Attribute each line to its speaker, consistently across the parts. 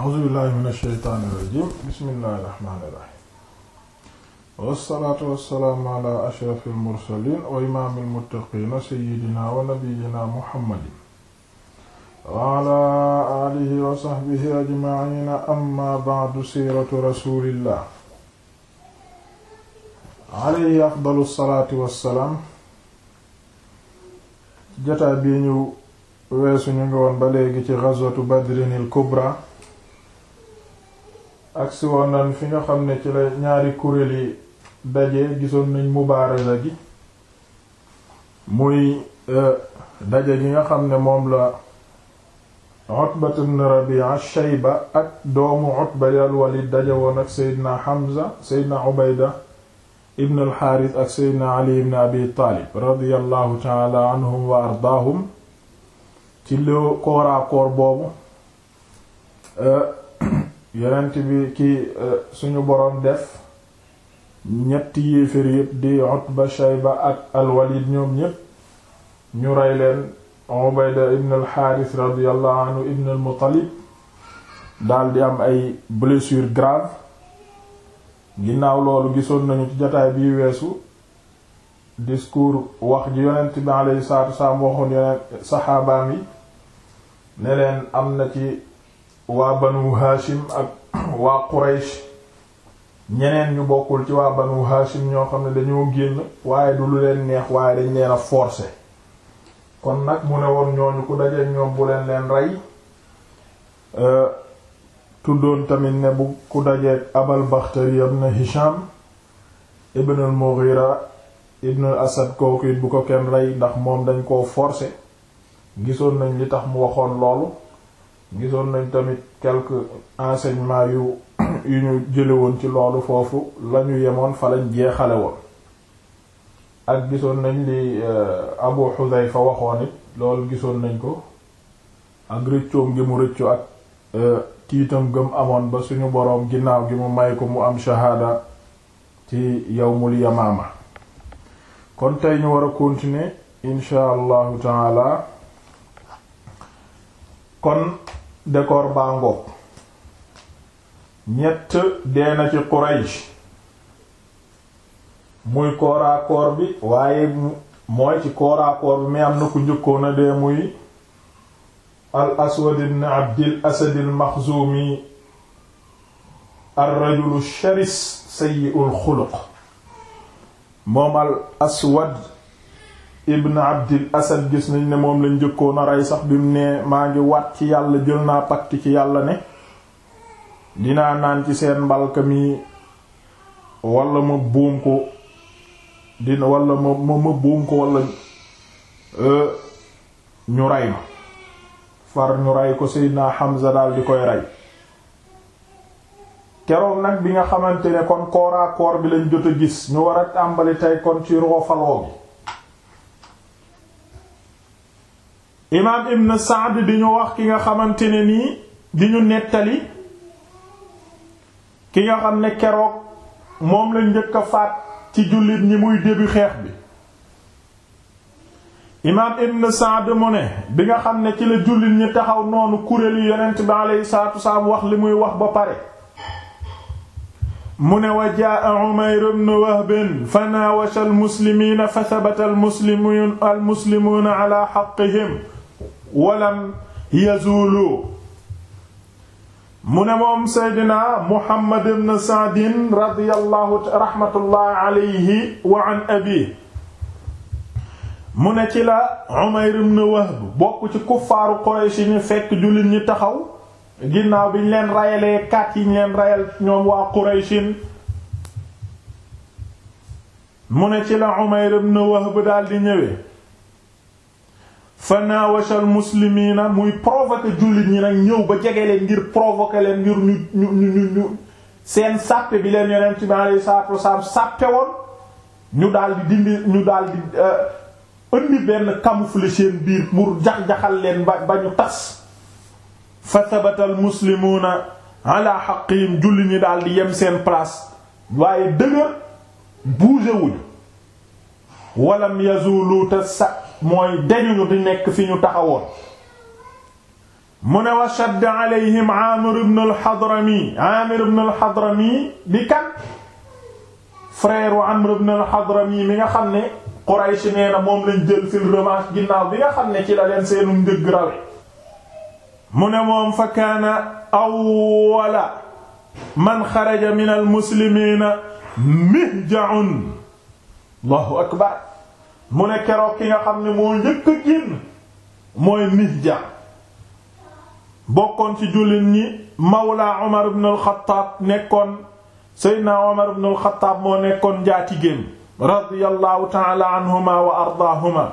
Speaker 1: a'uuzu billaahi mina shaytaani rajiim bismillaahi rahmaani rahiim wassalaatu wassalaamu alaa ashrafil mursaliin wa imaamil muttaqiin sayyidinaa wa nabiyyinaa muhammadin wa alaa aalihi wa sahbihi ajma'iin ammaa ba'du siiratu rasuulillah alayhi afdalu salaatu wassalaam jotaay bii ñu weesu ñu ngi woon ba léegi ci ghazwatu badrinil kubra agsi woon nañ fi nga xam ne ci la ñaari kuréel yi daje gisoon nañ mubaaraza gi muy euh, daje gi nga xam ne moom la Utba ibn Rabi'a Shayba ak doomu Utba al-Walid daje woon ak Seydina Hamza Seydina Ubayda ibn al-Harith ak Seydina Ali ibn Abi Talib radiyallahu ta'ala anhum wa ardaahum ci loo kooraakoor boobu euh, yonent bi ki e, suñu boroom def ñetti yéefér yépp di Utba Shayba ak al ñoom ñépp ñu rey leen Ubayda ibn al-Harith radiyallahu anhu ibn di am ay blessure grave ginnaaw loolu gisoon nañu ci jotaay bii weesu discours wax ji yonent bi alayhi salaatu wasalaam waxoon yeneen saxaabaam yi ne leen am na ci waa banu Hashim ak waa Quraysh ñeneen ñu bokkul ci waa banu Hashim ñoo xam ne dañoo génn waaye du lu leen neex waaye dañ leen a forcer kon nag mu ne woon ñooñu ku dajeek ñoom bu leen leen rey euh, tuddoon tamit ne bu ku dajeek Abal Baxtari ibn Hisham ibn al-Mughira ibn al-Asad bu ko kenn rey ndax moom dañ koo forcer gisoon nañ li tax mu waxoon loolu gisoon nañ tamit quelque enseignements yu yu ñu jële ci loolu foofu lañu yemoon fa lañ jeexale woon ak gisoon nañ li euh, Abu Hudhayfa waxoon it loolu gisoon nañ ko ak rëccoom gi mu rëccu ak euh, tiitam gëm amoon ba suñu boroom ginnaaw gi mu may ko mu am shahaada ci yow yawmul yamaama kon tey ñu war a continuer insha allahu taala kon décor baa ngoog ñett dee na ci Quraysh muy kooraakoor bi waaye mooy ci kooraakoor bi mais am na ku njëkkoon a dee muy al aswad ibn abdil asad al maxzumi ar rajul sharis sayyi'ul moom al aswad ibn abdil asad gis nañ ne moom lañ njëkkoon a rey sax bimu ne maa ngi wat ci yàlla jël naa pacte ci yàlla ne dinaa naan ci seen mbalka mi wala ma buum ko dina wala ma ma buum ko wala euh, ñu rey ma far ñu rey ko Seydina Hamza daal di koy rey keroog nag bi nga xamante ne kon kooraakoor bi lañ jot a gis ñu war a tàmbali tey kon ci roofaloo bi imaam ibn Saad di ñu wax ki nga xamante ne nii di ñu nettali ki nga xam ne keroog moom la njëkk a faat ci jullit ñi muy début xeex bi imaam ibn Saad mu ne bi nga xam ne ci la jullit ñi taxaw noonu kuréelu yonent bi aleyhi salaatu wasalaam wax li muy wax ba pare mu ne wa jaa Umayr ibn Wahb fa naawasha al muslimiina fa sabata al muslimuuna ala haqqihim walam yazulu mu ne moom seydina muhammad ibn saadin radiyallahu rahmatullah alayhi wa an abi mu ne ci la umayr ibn wahb bokk ci kuffaaru quraysh ñu fekk jullit ñi taxaw ginnaaw bi ñu leen rayalee kat yi ñu leen rayal ñoom waa qurayshin mu ne ci la umayr ibn wahb daal di ñëwee fa naawashal muslimiina muy provoquer jullit ñi nag ñëw ba jege leen ngir provoquer leen ngir ñu ñu ñu ñu seen sàppe bi leen yonent bi sàppe woon ñu daal dindi ñu daal di euh, indi benn camoufle seen biir pour jax-jaxal leen ba ba ñu tas fa sabatal muslimuuna ala xaqihim jullit ñi daal di yem seen place waaye dëgër bougé wuñu walam yazulu ta sa mooy dañuñu di nekk fi ñu taxawoon mu ne wa shadd alayhim amir ibn al-Hadrami amir amir ibn al mi nga xam ne Quraysh nee na moom lañ jël fil revanche bi nga xam ne ci la leen seenu njëgg mu ne moom fa kaana awwala man xaraja min al-muslimiina mihja'un akbar mu ne keroog ki nga xam ne moo njëkk mooy Mihja bokkoon ci jullit ñi Mawla Omar ibn al-Khattab nekkoon Seydina Omar ibn al moo nekkoon njaatigéem radiyallahu ta'ala anhuma wa ardaahuma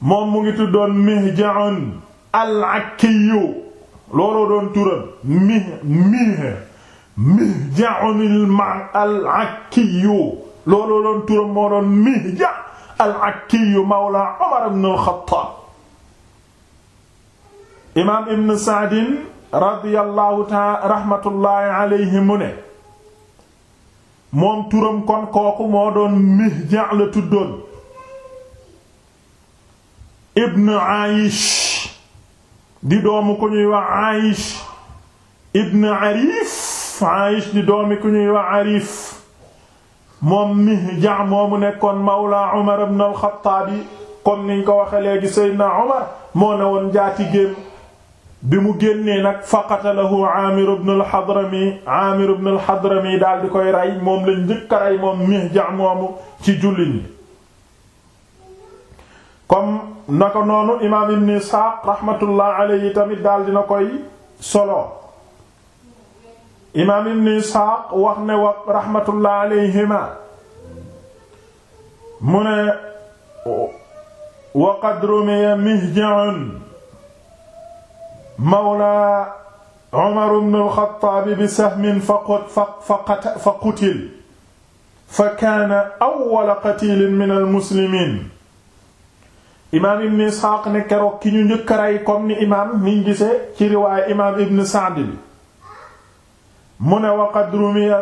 Speaker 1: moom mu ngi tuddoon Mihja'un al-Akkiyu looloo doon turam Mih Mih Mihja'un al-Akkiyu looloo doon turam moo doon Mihja al-Akkiyu mawla Umar ibn al-Khattab imaam Ibn Saadin radiyallahu ta'ala rahmatullahi alayhi mu ne moom turam kon kooku moo doon Mihja la tuddoon ibn Aish di doomu ku ñuy wax Aish ibn Arif Aish di doomi ku ñuy wax Arif moom Mihja moomu nekkoon mawla Umar ibn al-Khattab niñ ko waxe léegi Seydina Umar moo ne woon njaatigéem bi mu génnee nag faqatalahu Aamir ibn al-Hadrami Aamir daal di koy rey moom lañ njëkk rey moom Mihja moomu ci jullit ñi comme na ko noonu imaam Ibn Isxaaq rahmatullah alayhi tamit daal dina koy solo imaam ibn isxaaq wax ne wa raxmatullah alayhima mu ne wa qad rumiya mihjaun mawla umar ibn al-xattaab bi sahmin fa qutil fa kaana awwala qatilin min al-muslimiin imaam ibn isxaaq ne keroog ki ñu njëkk a rey comme ni imaam niñ gisee ci riwaaya imaam ibn sa'd bi mu ne waqad rumiya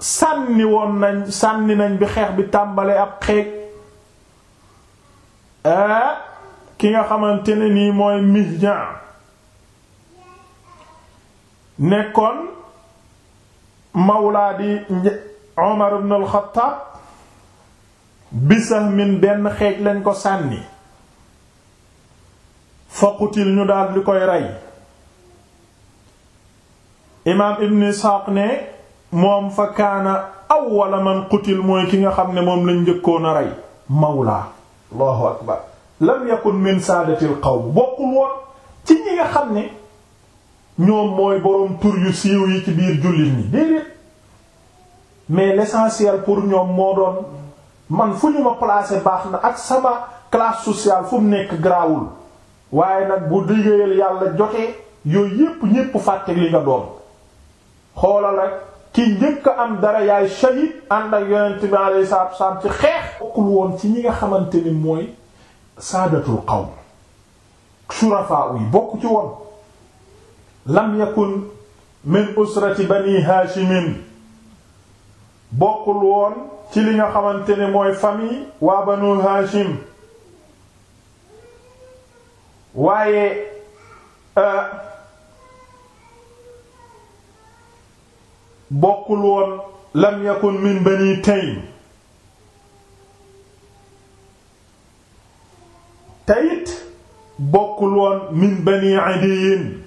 Speaker 1: sànni woon nañ sànni nañ bi xeex bi tàmbalee ab xeej eh, ki nga xamante ne nii mooy Mihjan nekkoon mawlaa di Umar ibn al-Khattab bi sahmin benn xeej lañ ko sànni fa qutil ñu daal di koy rey imaam ibn Isxaaq ne moom fa kaana awwala man qutil mooy ki nga xam ne moom lañ njëkkoon a rey mawlaa allahu akbar lam yakun min saadatil qawm bokkul woon ci ñi nga xam ne ñoom mooy boroom tur yu siiw yi ci biir jullit ñi déedéet mais l'essentiel pour ñoom moo doon man fu ñu ma placé baax na ak sama classe sociale fu nekk garaawul waaye nag bu liggéeyal yàlla jotee yooyu yépp ñépp fàtte li nga doon xoolal rek ki njëkk a am dara yaay shahid ànd ak yonent bi alayhi salaatu wassalaam ci xeex bokkul woon ci ñi nga xamante ni mooy saadatul qawm shurafaa yi bokk ci woon lam yakun min usrati bani haashimin bokkul woon ci li nga xamante ne mooy famille waa banu haashim waaye euh, bokkul woon lam yakun min bani Taym tayit bokkul woon min bani Adiyin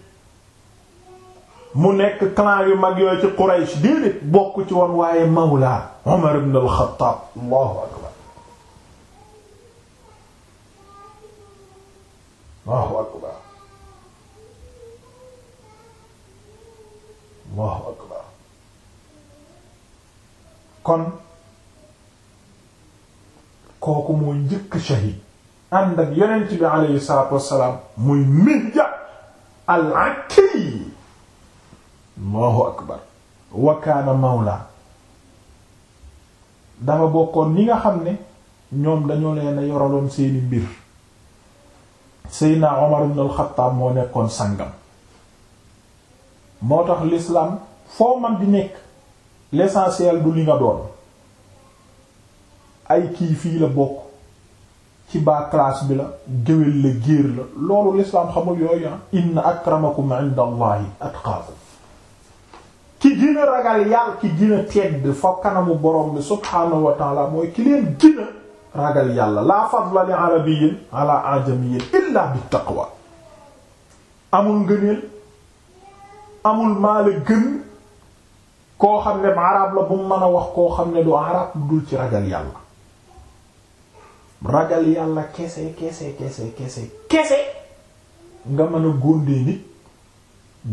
Speaker 1: mu nekk clan yu mag yooyu ci Quraysh déedéet bokk ci woon waaye mawla Umar ibn al akbar kon kooku mooy njëkk shahid ànd ak yonent bi aleyhi salaatu wassalaam muy Mihja al-Akki Allahu akbar wa mawla dafa bokkoon ñi nga xam ne ñoom dañoo leen a yoraloon seeni mbir Seydina Omar ibn al-Khattab moo nekkoon sangam moo tax l'islam foo man di nekk l'essentiel du li nga doon ay kii fii la bokk ci baa classe bi la géwél la géer la loolu l'islam xamul yooyu ah inna akramakum inda allahi atqaakum ki gën ragal yàlla ki gën tedd fa kanamu borom bi subhaanahu wa mooy ki leen gën ragal yàlla la fadla li arabiyyin ala ajamiyyin illa bi taqwa amul ngëneel amul maa la gën koo xam ne arab la bu mu mën a wax koo xam ne du arab dul ci ragal yàlla ragal yàlla kese kese kese kese kese nga mën a góndee nit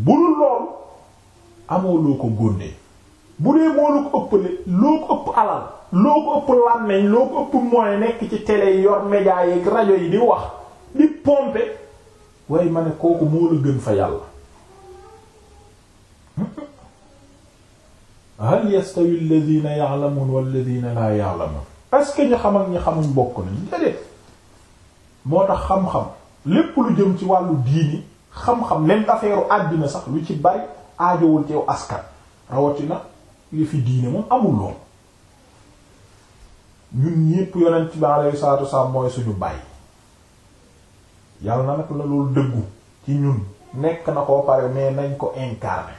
Speaker 1: bu dul loolu amoo loo ko góndee bu dee moo lu ko ëppale loo ko ëpp alal loo ko ëpp làmmeñ loo ko ëpp mooy nekk ci télé yor média yeeg rajo yi di wax di pomper waaye ma ne kooku moo la gën fa yàlla hal yastawi alladhina ya'lamun walladhina la ya'lamun est-ce que ñi xam ak ñi xamuñ bokk nañ déedéet moo tax xam-xam lépp lu jëm ci wàllu diini xam-xam même affaire àddina sax lu ci bari aajowul ci yow askan rawatina li fi diine moom amul lool ñun ñépp yonent bi alayhi salaatu wasalaam mooy suñu bàyyi yàlla na nag la loolu dëggu ci ñun nekk na koo pare mais nañ ko incarner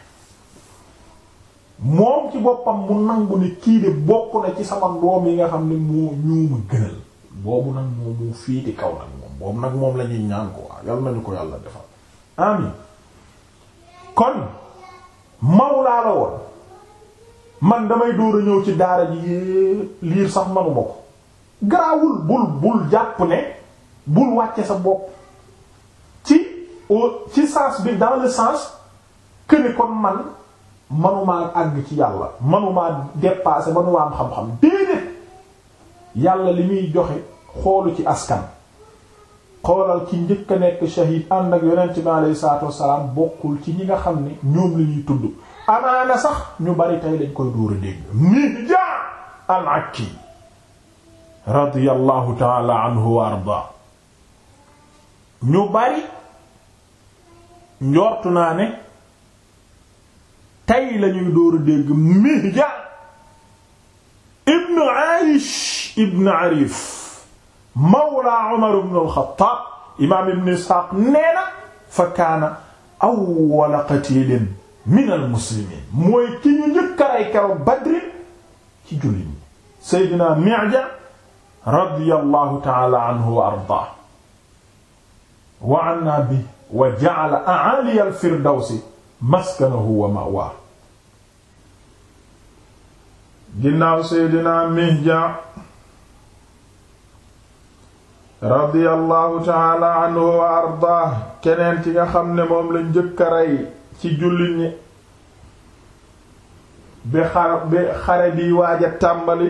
Speaker 1: moom ci boppam mu nangu ne kii de bokk na ci sama doom yi nga xam ne moo ñoo ma gënal boobu nag moom moo féete kaw nag moom boobu nag moom la ñuy ñaan ko waa yal nañu ko yàlla defal amin kon mawlaa la woon man damay dóor a ñëw ci daara ji liir sax manuma ko garaawul bul bul jàpp ne bul wàcce sa bopp ci ci sens bi dans le sens que ne kon man manumaa àgg ci yàlla manumaa dépasser manumaa am xam-xam déedéet yàlla li muy joxe xoolu ci askan xoolal ci njëkk a nekk shahid ànd ak yonent bi alayhi salaatu bokkul ci ñi nga xam ni ñoom li ñuy tudd amaana sax ñu bari tey lañ koy dóor a dégg Mihja al-Akki radiyallahu ta'ala anhu wa arda ñu bari njortu naa ne tey lañuy dóoru dégg Mihja ibn Aish ibn Arif mawla Umar ibn al-Khattab imaam ibn Isxaaq nee na fa kaana awwala qatilin min al-muslimiin mooy ki ñu njëkk a rey keroog Badr ci jullit ñi Seydina Mihja radiyallahu ta'ala anhu wa ardaahu wa annaa bihi wa ja'ala a'aaliya al-firdawsi maskanahu wa ma'waahu ginnaaw seydina mihja radiyallahu taala anhu wa ardaah keneen ci nga xam ne moom la njëkk rey ci jullit ñi bi xar bi xare bi waaj tàmbali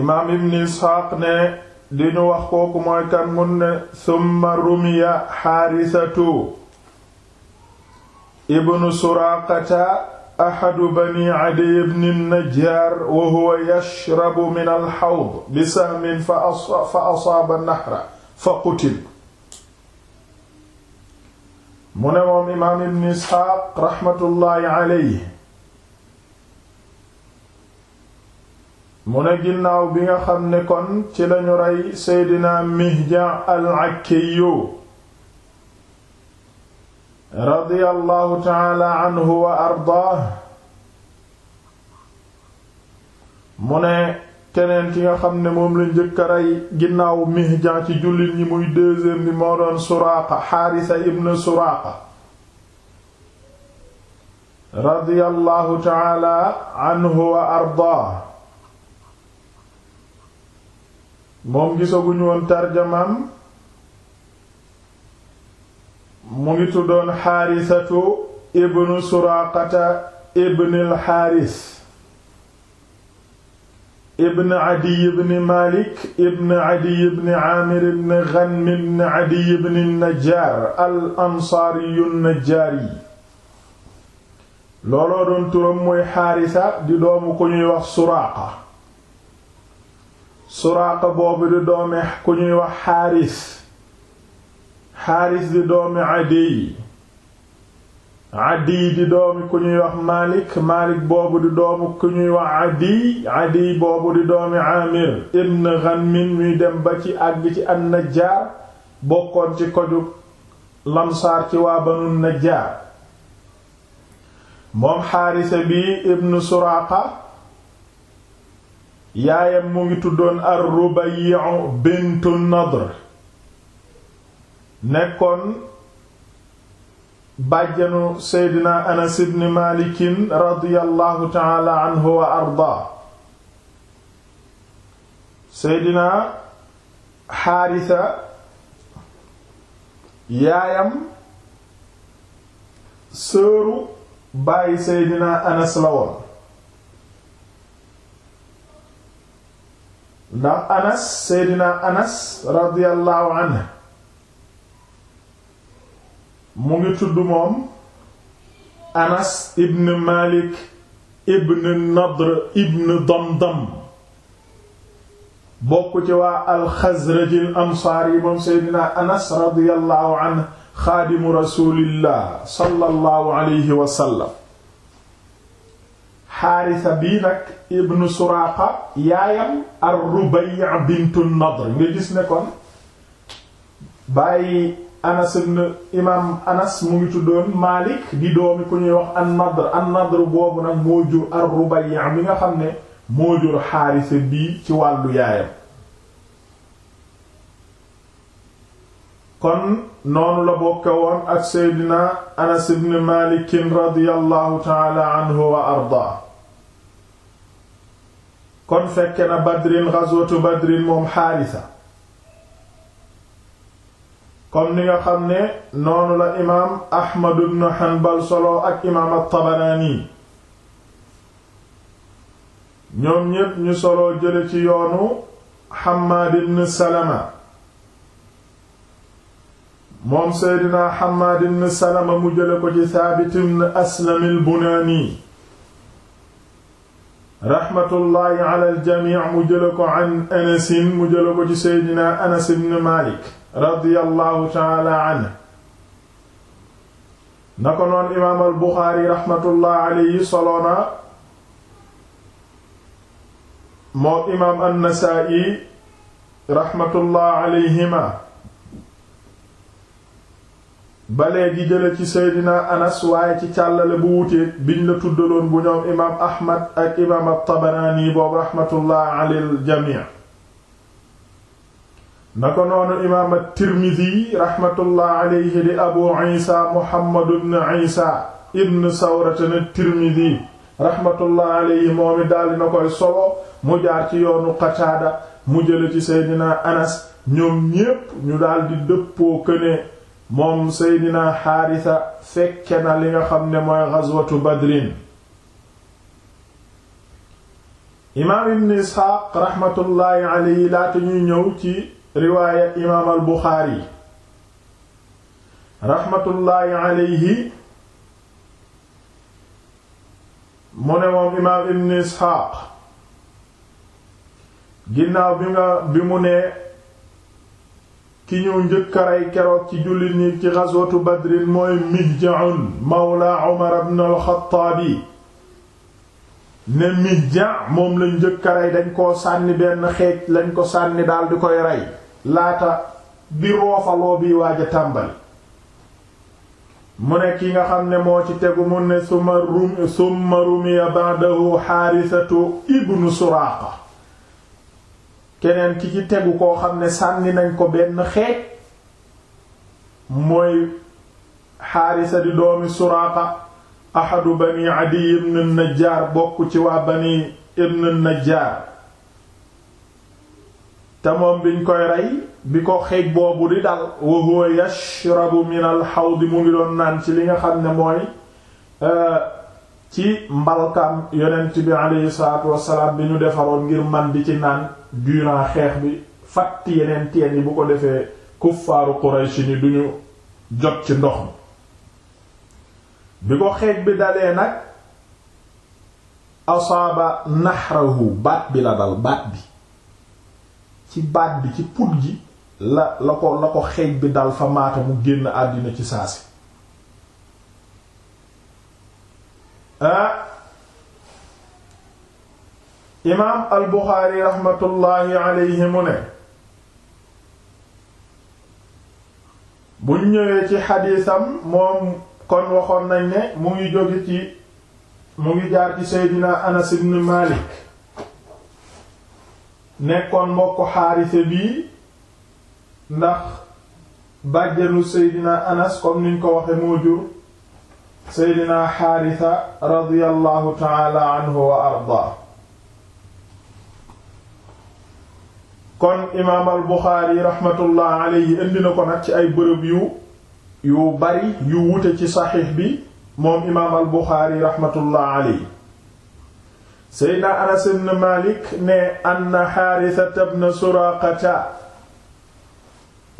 Speaker 1: imaam ibn isxaaq ne diñu wax kooku mooy kan mun ne summa rumiya xaarisatu ibnu suraqata axadu bani adiy bni najjaar wa huwa yashrabu min alxawd bi sahmin fa asaaba nahra fa qutil mu ne moom imaam ibn isxaaq raxmatullaahi aleyhi mu ne ginnaaw bi nga xam ne kon ci lañu rey seydina mihja al akkiyu radiyallahu taala mu ne keneen ki nga xam ne moom la njëkk rey ginnaaw Mihjan ci jullit yi muy deuxième bi moo doon Suraaqa Xaarisa ibn Suraaqa radiyallahu taala wa ardaah moom gisaguñu woon tarjamaam mu ngi tuddoon xaarisatu ibnu suraqata ibnil xaaris ibn adiy ibn malik ibn adiy ibn aamir ibn ghanm ibn adiy ibn najjaar al ansaariyu najjaari looloo doon turam mooy xaarisa di doomu ku ñuy wax suraaqa suraaqa boobu di doome ku ñuy wax xaaris alxaaris di doomi adiy adiy di doomi ku ñuy wax maalik maalik boobu di doomi ku ñuy wax adiy adiy boobu di doomi amir ibn ghanmin muy dem ba ci àgg ci an najjaar bokkoon ci koju lamsaar ci waa banu najjaar moom xaarisa bi ibn suraaqa yaayam mu ngi tuddoon ar rubayyu bintu nadr nekkoon bàjjanu seydina anas ibn malikin radiyallahu taala anhu wa arda seydina xaarisa yaayam sëru bàyyi seydina anas la woon ndax anas seydina anas radiyallahu anhu mu ngi tudd moom anas ibn malik ibn nadr ibn damdam bokk ci waa alxazrajil ansaar yi moom seydina anas radiyallahu anhu xaadimu rasulillah sallallahu alayhi wa sallam xaarisa bii nag ibnu suraaqa yaayam ar rubayya bintu nadr nga gis ne kon bàyyi Anas ibn imaam Anas mu ngi tuddoon Malik di doomi ku ñuy wax an-Nadr an-Nadr boobu nag moo jur ar-Rubayyi' mi nga xam ne moo jur Haarisa bii ci wàllu yaayam kon noonu la bokke woon ak Seydina Anas ibn Malik radiyallahu ta'ala anhu wa ardaa kon fekke na Badrin ghazwatu Badrin moom Haarisa kon ni nga xam ne noonu la imaam Ahmad ibn Hanbal solo ak imaam at-Tabarani ñoom ñépp ñu solo jële ci yoonu Hammaad ibn Salama moom Seydina Hammaad ibn Salama mu jële ko ci Thaabit ibn Aslam al-Bunaani raxmatullaahi al-jamii' mu jële ko an Anas mu jële ko ci Seydina Anas ibn Maalik radiyallahu taala anhu na ko noon imaam al buxaari raxmatullah alayhi soloona moom imaam annasaa'i raxmatullah alayhima ba léegi jële ci seydina anas waaye ci càllale bu wuteeg biñ la tuddaloon bu ñoom imaam ahmad ak imaam altabaraani boobu raxmatullah alal jamii na ko noonu imaam at-Tirmidhi rahmatullah alayhi di abu isa muhammad ibn isa ibn sawratan at-Tirmidhi moom it daal dina koy solo mu jaar ci yoonu Qataada mu jële ci seydina anas ñoom ñépp ñu daldi di dëppoo këne moom seydina xaarisa fekke na li nga xam ne mooy ghazwatu badrin imaam ibn isxaaq rahmatullahi alayhi laata ñuy ñëw ci riwaaya imaam al buxaari raxmatullaahi alayhi mu ne moom imaam ibn isxaaq ginnaaw bi nga bi mu ne ki ñu njëkkaray keroog ci jullit ñi ci ghazwatu badrin mooy mijjaun mawla umar ibn al ne mijja moom lañ njëkkaray dañ koo sànni benn xeej lañ ko sànni daal di koy rey laata bi roofaloo bi waaj a tàmbali mu ne ki nga xam ne moo ci tegu mu ne summa rum summa rumiya ba'dahu xaarisatu ibnu suraaqa keneen ki ci tegu koo xam ne sànni nañ ko benn xeej mooy xaarisa di doomi suraaqa ahadu bani adiy ibn najjaar bokk ci waa bani ibn najjaar te moom biñ koy rey bi ko xeej boobu di dal wa huwa yashrabu min al hawd mu ngi doon naan ci li nga xam ne mooy euh, ci mbalkam yonent bi aleyhi salaatu wasalaam bi ñu defaroon ngir man bi ci naan durant xeex bi fatt yeneen teen yi bu ko defee kuffaaru Quraysh ni duñu jot ci ndox mi bi ko xeej bi dalee nag asaaba nahrahu baat bi la dal baat bi ci baat bi ci put gi la la ko la ko xeej bi dal fa maata mu génn àddina ci saasi ah. imaam al Buxaari raxmatullaahi alayhi mu ne buñ ñëwee ci xadiisam moom kon waxoon nañ ne mu ngi jóge ci mu ngi jaar ci Seydina Anas ibn Malik nekkoon mbokku xaarise bii ndax bàjjanu seydina anas comme niñ ko waxe moo jur seydina xaarisa radiyallahu taala anhu wa arda kon imaam al buxaari raxmatullah alayhi indi na ko nag ci ay bërëb yu yu bari yu wute ci saxiix bi moom imaam al raxmatullah alayhi seydna anas ibn malik ne anna xaarisata ibn suraqata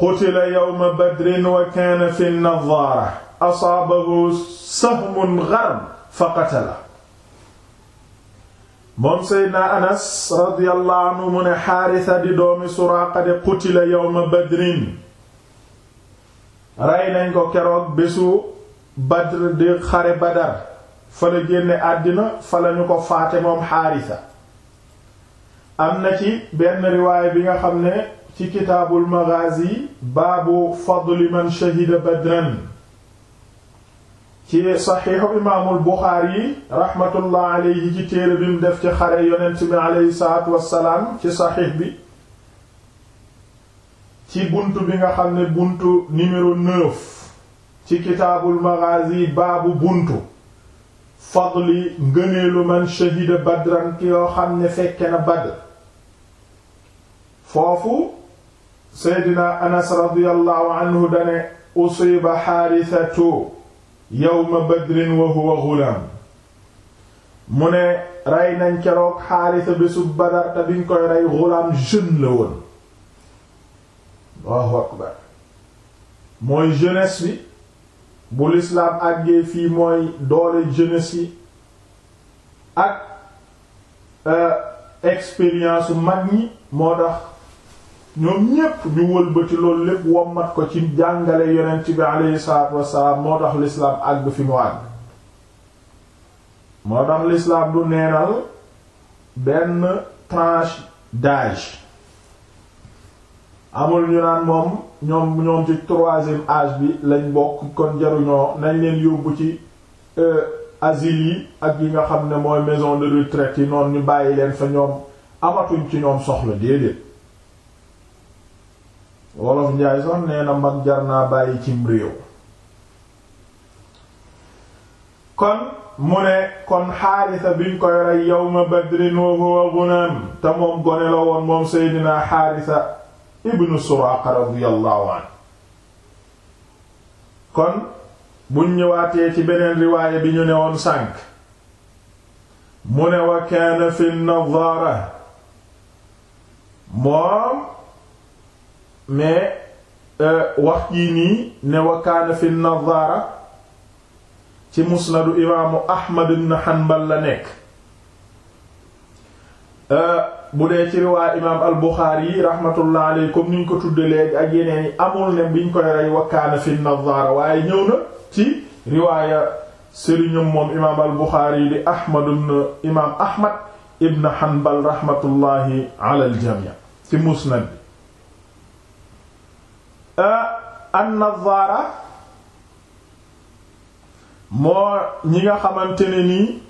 Speaker 1: qutila yawma badrin wa kaana fi nadaara asaabahu sahmun gharm fa qatala moom seydna anas radiyallahu anhu mu ne xaarisa di doomi suraaqa de qutila yawma badrin rey nañ ko keroog bésu badr di xare badar fa la génne àddina fa la ko faate moom xaarisa am na ci benn riwaay bi nga xam ne ci kitaabul maghazi baabu fadli man shahida badran ci saxiixu imaamul buxaari raxmatullah alayhi ci téere bi mu def ci xare yonent bi alayhi salaatu wassalaam ci saxiix bi ci buntu bi nga xam ne buntu numéro 9 ci kitaabul maghazi baabu buntu fadli ngëneelu man shahida badran ki yoo xam ne fekke na badr foofu seydina anas radiyallahu anhu dane usiba xaarisatu yawma badrin wa huwa ghulam mu ne rey nañ keroog xaarisa bésub badar te biñ koy rey ghulam jeune la woon Allahu akbar mooy jeunesse bi bu lislaam àggee fii mooy doole jeunesse yi ak euh, expérience mag ñi moo tax ñoom ñépp ñu wëlbati loolu lépp wommat ko ci jàngale yonent bi aleyhi salaatu wassalaam moo tax lislaam àgg fi mu àgg moo tax lislaam du neenal benn tranche d'âge amul ñu naan moom ñoom ñoom ci troisième âge bi lañ bokk kon jaruñoo nañ leen yóbbu ci euh, asile yi ak yi nga xam ne mooy maison de retraite yi noonu ñu bàyyi leen fa ñoom amatuñ ci ñoom soxla déedéet wolof njaay sax nee na mag jar naa bàyyi cim réew kon mu ne kon xaarisa biñ koy rey yawma badrin wa huwa gunam te moom gone la woon moom seydinaa xaarisa ibnu Suraaqa radiyallahu anhu kon buñ ñëwaatee ci beneen riwaaya bi ñu ne woon sànk mu ne wa fi nadaara moom mais euh, wax jii nii ne wa fi nadaara ci musnadu imaamu Ahmad ibn Hanbal la nekk euh, bu dee ci riwaa imaam al Buxaari yi rahmatullah alayhi comme niñ ko tudde léegi ak yeneen yi amul ne biñ koy rey wakkaana fi nazaara waaye ñëw na ci riwaaya sëriñam moom imaam al Buxaari yi di Ahmad ibn imaam Ahmad ibn Hanbal rahmatullahi ala jamii ci musnad bi ah, an moo ñi nga xamante ni nii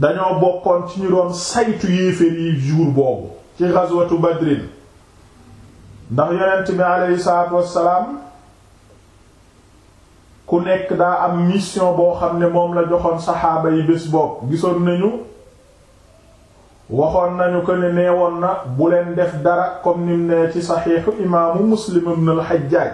Speaker 1: dañoo bokkoon ci ñu doon saytu yéeféer yi jur boobu ci ghazwatu badrin ndax yonent bi aleyhi salaatu wassalaam ku nekk daa am mission boo xam ne moom la joxoon saxaaba yi bés boobu gisoon nañu waxoon nañu ko ne neewoon na bu leen def dara comme nim ne ci saxiixu imaamu muslim ibn al-Hajjaj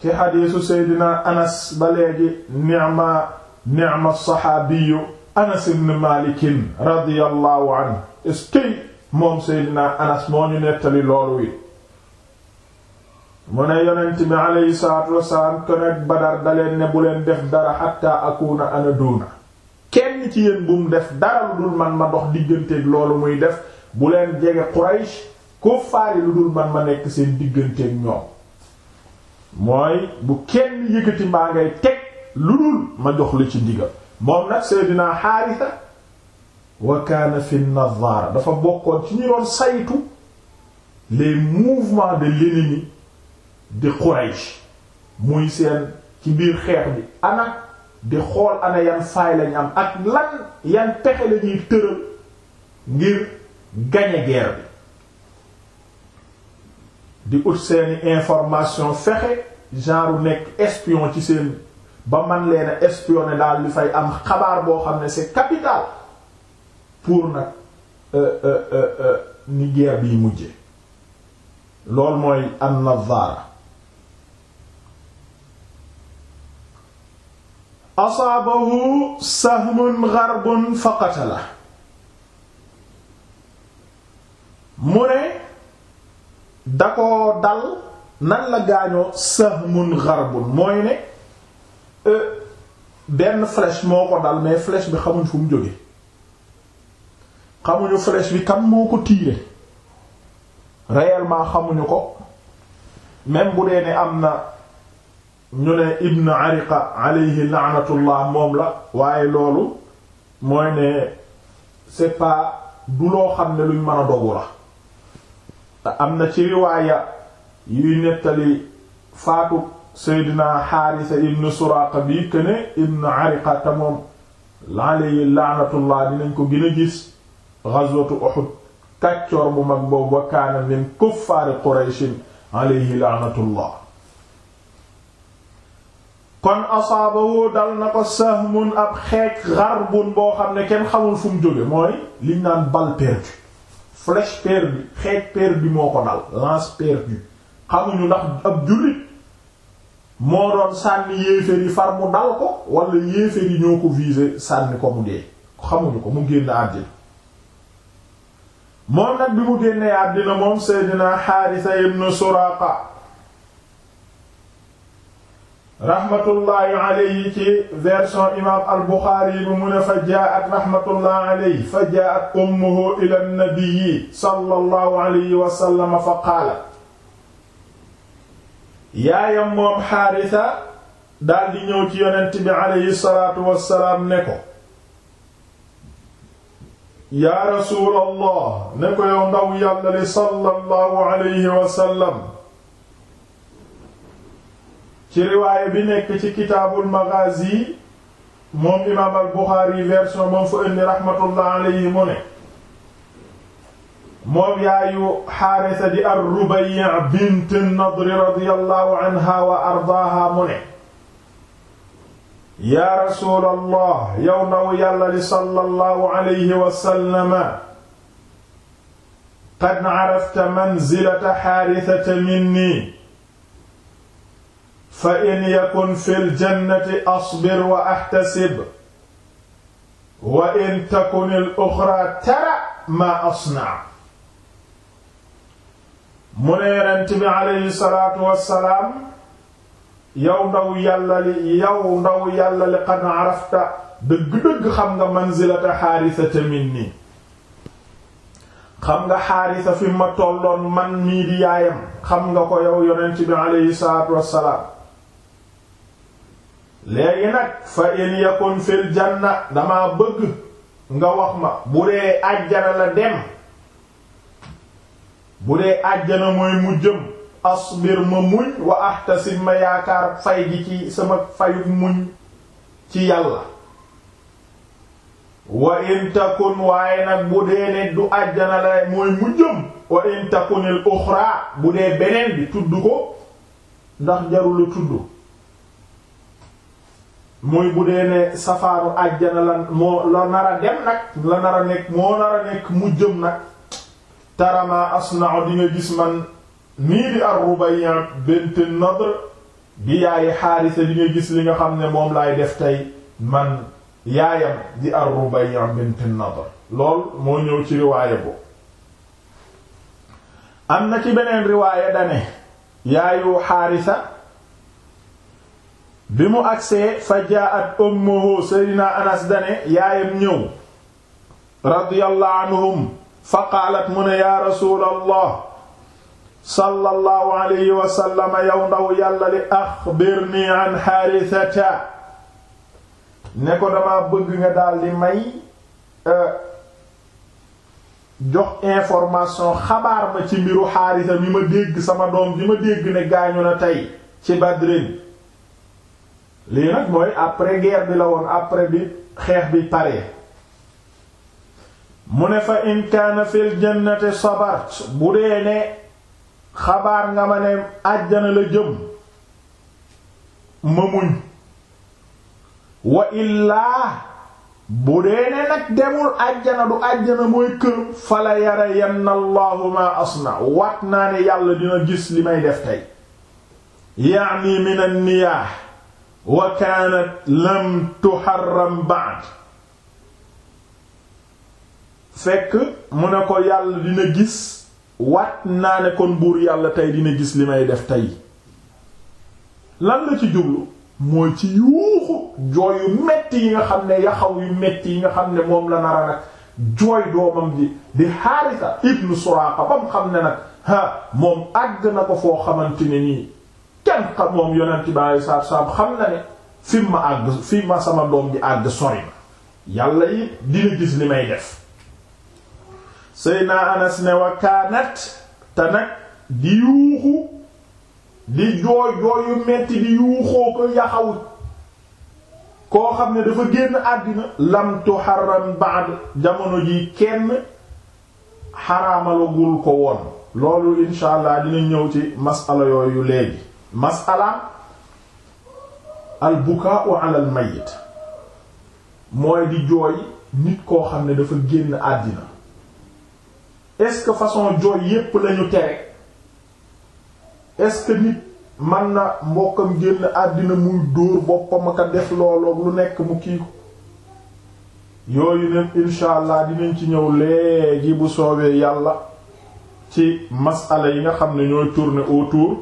Speaker 1: ci xadiisu seydina anas ba léegi ni'ma ni'ma saxaabiyu anas ibn malikin radiyallahu anhu est-ce que moom anas moo ñu nettali loolu wi mu ne yonent bi aleyhi salaatu wasalaam def dara xatta akuna kenn ci yéen bu mu def dara lu dul man ma dox digganteeg loolu muy def bu leen jege Quraysh ku faari lu man ma nekk seen digganteeg ñoom mooy bu kenn yëkkati maa ngay teg lu ma jox lu ci ndigal moom nag Seydina Haarisa wa kaana fi nazaara dafa bokkoon ci ñi doon saytu les mouvements de l'ennemi de Quraysh muy seen ci biir xeex bi ana di xool ana yan faay lañ am ak lan yan pexe la ñuy ngir gañe guerre bi di ut seeni information fexe genre nekk espion ci seen ba man leen a espionner daal li fay am xabaar boo xam ne c'est capital pour nag euh, euh, euh, ni guerre biy mujje loolu mooy am nazara asaabahu sahmun gharbun fa qatala mu ne da ko dal nan la gaañoo sahmun gharbun mooy ne Euh, benn flèche moo ko dal mais flèche bi xamuñ fu mu jóge xamuñu flèche bi kan moo ko tiré réellement xamuñu ko même bu dee ne am na ñu ne Ibn Ariqa alayhi la'natullah moom la waaye loolu mooy ne c'est pas du loo xam ne luñ mën a dogu la am na ci riwaaya yuy nettali faatu Seydina Xaarisa ibn Suraaqa bi këne ibn Ariqa te moom laanatullah dinañ ko gën a gis gazwatu Uhud bu mag boobu wa kaana min kuffaari Qurayshin alayhi laanatullah kon asaabahu dal na ko sahmun ab xeej xarbun boo xam ne kenn xamul fu mu jóge mooy liñ naan balle perdue flèche perdue xeej perdue moo ko dal lance perdue xamuñu ndax ab jullit moo doon sànni yéeféer yi far mu dal ko wala yéeféer yi ñoo ko visé sànni ko mu dee xamuñu ko mu génn àddina moom nag bi mu génnee àddina moom seydina xaarisa ibn suraqa rahmatullahi alayhi ci version imam al-Bukhari yi bu mu ne fa jaat rahmatullahi alayhi fa jaat ummuhu ila an-nabiyyi sallallahu alayhi wa sallam fa qaala yaayam moom xaarisa daldi ñëw ci yonent bi aleyhi salaatu wassalaam ne ko yaa rasuulallah ne ko yow ndaw yàlla li sallallahu alayhi wasallam ci riwaaya bi nekk ci kitaabul maghazi moom imaam al buxaari version moom fa indi raxmatullah alayhi mu ne moom yaayu xaarisa di ar-Rubayyi' bint an-Nadr radiyallahu anha wa ardaaha mu ne yaa rasuulallah yow ndaw yàlla li sallallahu alayhi wa sallama qad carafta manzilata xaarisata minni fa in yakun fi ljannati asbir wa axtasib wa in takun al-uxra tara maa asnac mu ne yonent bi aleyhi salaatu wassalaam yow ndaw yàlla li yow ndaw yàlla li qad xam nga manzilata xaarisata minni xam nga xaarisa fi ma tolloon man mii yaayam xam nga ko yow yonent bi aleyhi salaatu wassalaam léegi nag fa in yakun fil janna dama bëgg nga wax ma bu dee àjjana la dem bu dee àjjana mooy mu jëm asbir ma muñ wa ahtasib ma yaakaar fay gi ci sama fayu muñ ci yàlla wa in waaye nag bu dee ne du àjjana la mooy mu jëm wa in takunil bu dee beneen bi tudd ko ndax jarula tudd muy bu dee ne safaaru àjjana la moo la nar a dem nag la nar nekk moo nar nekk mu jëm nag tarama asna'u di gis man nii di ar-Rubayya bint Nadr di yaayi Haarisa di gis li nga xam ne moom lay def tey man yaayam di ar bint Nadr lool moo ñëw ci riwaaya bo am na ci beneen riwaaya dane yaayu Haarisa bi mu agsee fa jaa'at ummuhu Seydina Anas dane yaayam ñëw fa qaalat mu ne yaa rasuulallah sallallahu alayhi wa yow ndaw yàlla li axbirnii an xaarisata ne ko dama bëgg nga di may euh, jox information xabaar ma ci mbiru xaarisa bi ma dégg sama doom bi ma dégg ne gaañu na tey ci Badrin lii nag mooy après guerre bi la woon après bi xeex bi pare mu ne fa in kaana fil jannati sabart bu dee ne xabaar nga ma ne àjjana la jëm ma muñ wa illaa bu dee ne nag demul àjjana du àjjana mooy kër fa la yara yann allahu ma asna waat naa ne yàlla dina gis li may def tey yaani min an wa kaanat lam tuharram ba'd fekk mu ne ko yàlla dina gis wat naa ne kon buur yàlla tey dina gis li may def tey lan la ci jublu mooy ci yuuxu jooy yu metti yi nga xam ne yaxaw yu metti yi nga xam ne moom la nara nag jooy doomam ji di Haarisa ibnu Suraaqa bam xam ne nag ha moom àgg na ko foo xamante ne nii kenn xam moom yonent bi alei xam na ne fi ma àgg fi ma sama doom ji àgg sori na yàlla yi dina gis li may def Seyna Anas ne wa kaanat te nag di yuuxu di jooy jooy metti di yuuxoo ko yaxawut koo xam ne dafa génn àddina lam tuharram jamono ji kenn xaraamalagul ko woon loolu insha dina ñëw ci masala yooyu léegi masala al bukaa'u ala al mayyit mooy di jooy nit koo xam ne dafa génn àddina est-ce que façon jooy yépp lañu tere est-ce que nit man na mbokkam génn àddina muy dóor boppam aka def looloog lu nekk mu kii ko yooyu neen insha allah dinañ ci ñëw léegi bu soowee yàlla ci masala yi nga xam ne ñooy tourner autour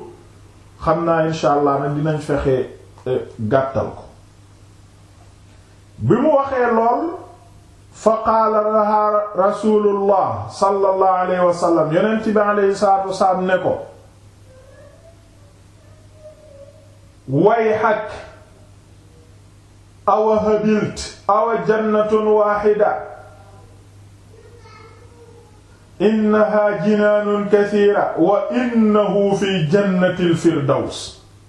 Speaker 1: xam naa insha allah nag dinañ fexe eh, gàttal ko bi mu waxee lool fa qaala laha rasulullah sallallahu alayhi wa sallam yonent bi alayhi salaatu wasalaam ne ko wayhak awa habilt awa jannatun waaxida innaha jinaanun kasiira wa innahu fi jannatil firdaws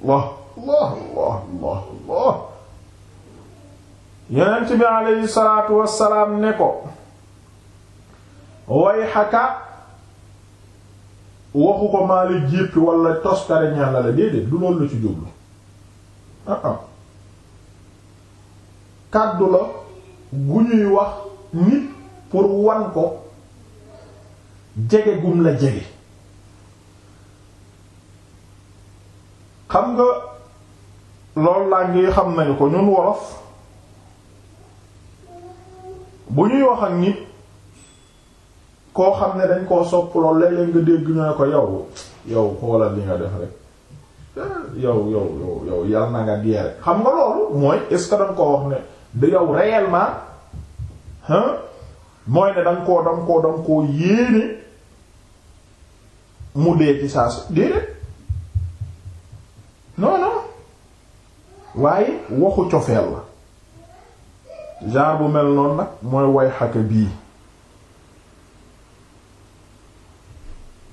Speaker 1: allah allah allah allah yonent bi aleyhi salaatu wassalaam ne ko way xaka waxu ko maa la jéppi wala toskare ñaan la la déedéet du loolu la ci jublu kàddu la gu ñuy wax nit pour wan ko jege gum la jege xam nga loolu laa ngi xam nañu ko ñun wolof bu ñuy wax ak nit koo xam ne dañ koo sopp lool léeg-léeg nga dégg ñu ko yow yow xoolal li nga def rek yow yow yow yow yal na nga dee rek xam nga loolu mooy est que danga koo wax ne da yow réellement hein mooy ne danga koo danga koo danga koo yéene mu dee ci saa su déedéet non waaye waxu cofeel la genre bu mel noonu nag mooy way xake bii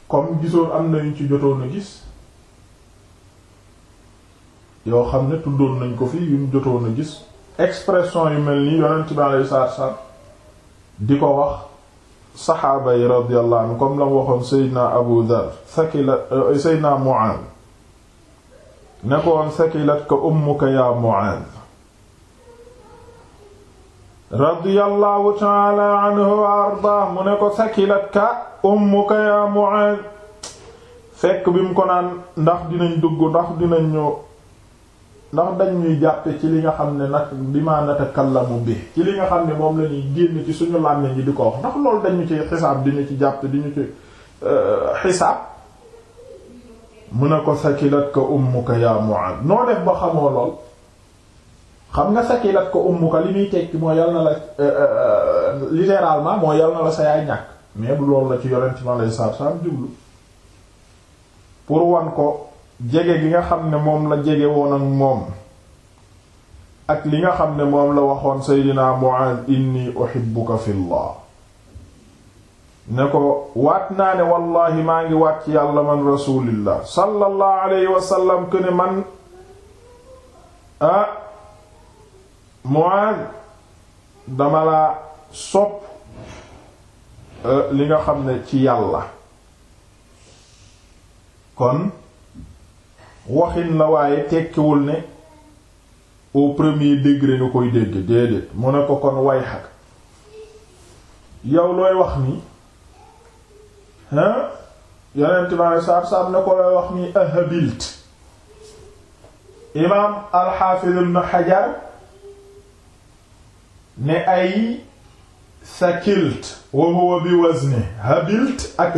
Speaker 1: comme gisoon am na yuñ ci jotoon a gis yoo xam ne tuddoon nañ ko fii yuñ jotoon a gis expression yu mel nii yonent bi alayhi salaatu salaam di ko wax saxaaba yi radiyallahu anhu comme la mu waxoon Seydina Abu Dhar sakila euh, Seydina Mu'adh ne ko sakilat ka ummuka ya Mu'adh radiyallahu taala anhu wa ardaa mu ne ko sakilat ka ummuka ya Muaaz fekk bi mu ko naan ndax dinañ dugg ndax dinañ ñëw ndax dañ ñuy jàppe ci li nga xam ne nag bi ma natakallamu bi ci li nga xam ne moom la génn ci suñu làmmiñ yi di ko wax ndax loolu dañu ci xisaab di ñu ci jàpp di ñu ci euh, xisaab mu ne ko sakilat ka ummuka ya Muaaz noo def ba xamoo lool xam nga sakilat ko ummuka li muy tekki moo yal na la euh, euh, euh, littéralement moo yal na la sa yaay ñàkk mais bu la ci yonent ma lay jublu pour wan ko jege gi nga xam ne moom la jege moom ak li nga xam ne moom la waxoon seydina Mu'aaz inni uhibbuka fillah ne ko waat naa ne wallahi maa ngi waat ci yàlla man rasulillah sallallahu alayhi wa sallam ne man ah, Muaaz dama la sopp euh, li nga xam ne ci yàlla kon waxin la waaye tekkiwul ne au premier degré ñu koy dégg déedéet mu ne ko kon way xag yow looy wax ni hein yonent ma saab-saab ne ko looy wax ni ahabilt imaam alxaafiz ibn Hajar ne ay sakilt wa huwa bi wazni habilt ak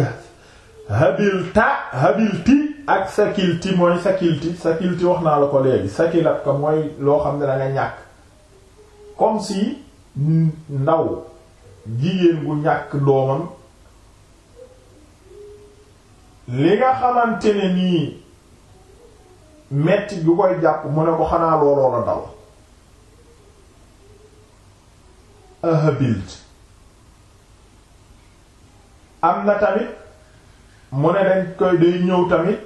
Speaker 1: habilta habilti ak sakilti mooy sakilti sakilti wax naa la ko léegi sakilat ka mooy loo xam ne da nga ñàkk comme si ndaw jigéen gu ñàkk doomam li nga xamante ne nii metti gu koy jàpp mu ne ko xanaa looloo la dal ahabilt am na tamit mu ne dañ koy day ñëw tamit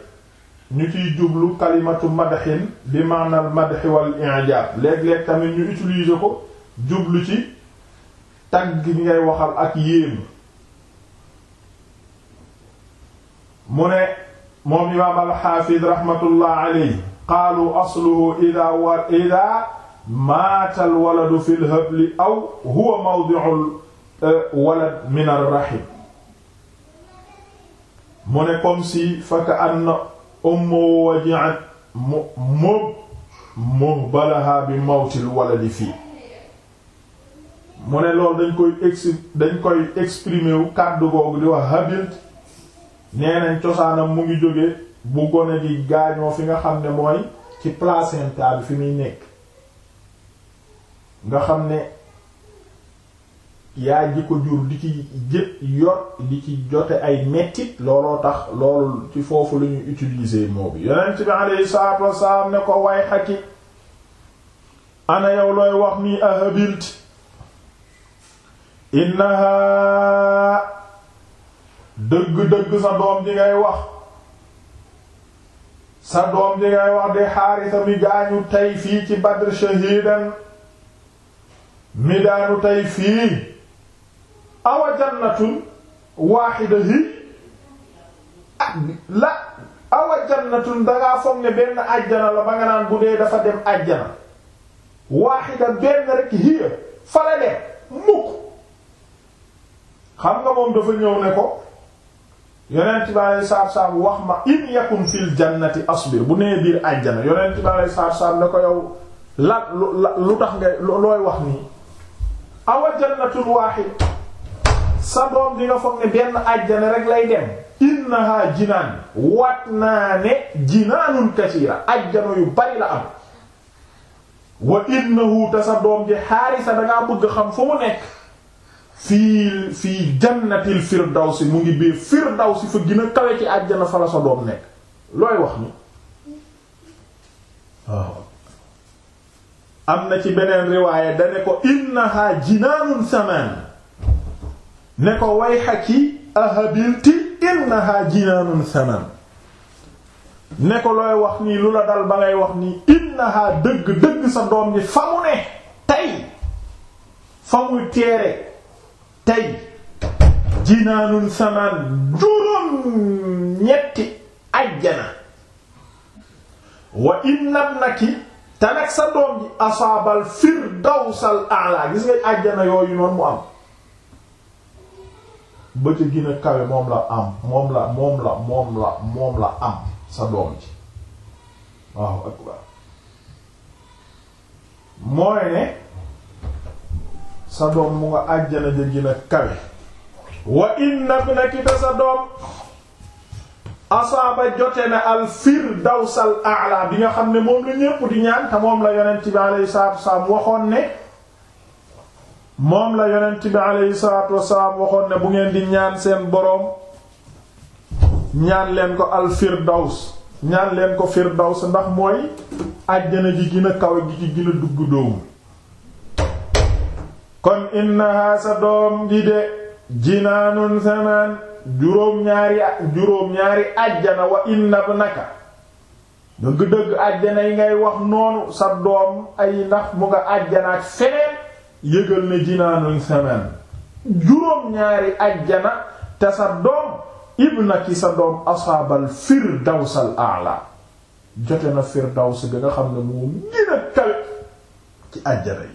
Speaker 1: ñu ciy jublu kalimatu madxin bi maanal madxi wal i'jab léeg tamit ñu utiliser ko jublu ci tagg gi ngay waxal ak yéem mu ne moom imaam alxaafid rahmatullah alayhi qaalu asluhu ida war ida maatal waladu fil habli aw huwa mawdi'ul eh, walad min ar mu ne comme si faka anna ummu waji'at mu muhbalaha bi mawtil waladi fii mu ne loolu dañ koy ex dañ koy exprimer kàddu googu di wax habilt nee cosaanam mu ngi jóge bu gone gi gaañoo fi nga xam ne mooy ci placenta bi fi muy nekk nga xam ne yaa ji ko jur li ci jë yor di ci jote ay mettit looloo tax loolu ci foofu lu ñu utiliser moo bi yonent bi alayhi salaatu wasalaam ne ko way xaki ana yow looy wax ni ahabilt na dëgg-dëgg sa doom ji ngay wax sa doom ji ngay wax di xaarisa mi gaañu tey fii ci Badr shahidan midaanu tey fii awa jannatun waaxida hi ah, la awa jannatun dangaa foog benn ajjana la ba nga naan bu dee dafa dem ajjana waaxida benn rek hiya fala dem mukk xam nga moom dafa ñëw ne ko yonent bi alei saatu wax ma in yakun fil jannati asbir bu nee biir ajjana yonent bi alei saatu salaam ko yow la lu tax nga looy wax nii awa jannatun waahid sa doom di foog ne benn àjjana rek lay dem innaha jinaan wat naa ne jinaanun kasiira àjjana yu bari la am wa innahu te sa doom ji xaarisa dangaa bëgg xam fu mu nekk fii fii jannatil firdawsi mu ngi biir firdawsi fa gën a kawe ci àjjana fa la sa doom nekk looy wax ni waaw am na ci beneen riwaaya dane ko innaha jinaanun samaan ne ko way wayhaki ahabilti innaha jinaanun samaan ne ko looy wax nii lu la dal ba ngay wax nii innaha dëgg dëgg sa doom ji fa mu ne tey fa muy teere tey jinaanun samaan juróom ñetti ajjana wa innabnaki te nag sa doom ji asaabal firdawsal a'la gis nga àjjana yooyu noonu mu am ba ca gën kawe moom la am moom la moom la moom la am sa doom ji waaw akbar mooy ne sa doom mu nga àjjana ja gën kawe wa innabnaki da sa doom asaaba jote na al firdawsal a'la bi nga xam ne moom la ñépp di ñaan te moom la yonent bi alayhi salaatu wasalaam waxoon ne moom la yonent bi alayhi salaatu wasalaam waxoon ne bu ngeen di ñaan seen boroom ñaan leen ko al firdaws ñaan leen ko firdaws ndax mooy àjjana ji gën a kawe gi ci gën dugg doomu kon innaha sa doom di de jinaanun samaan juróom-ñaari juróom-ñaari àjjana wa inna ibnaka dëgg-dëgg àjjana yi ngay wax noonu sa doom ay ndax mu nga àjjana ak feneen yëgal ne jinaanun samaan juróom-ñaari àjjana te sa doom ibnaki sa doom asaabal firdawsal a'la jote na firdaws ga nga xam ne moom gën a kawe ci àjjana yi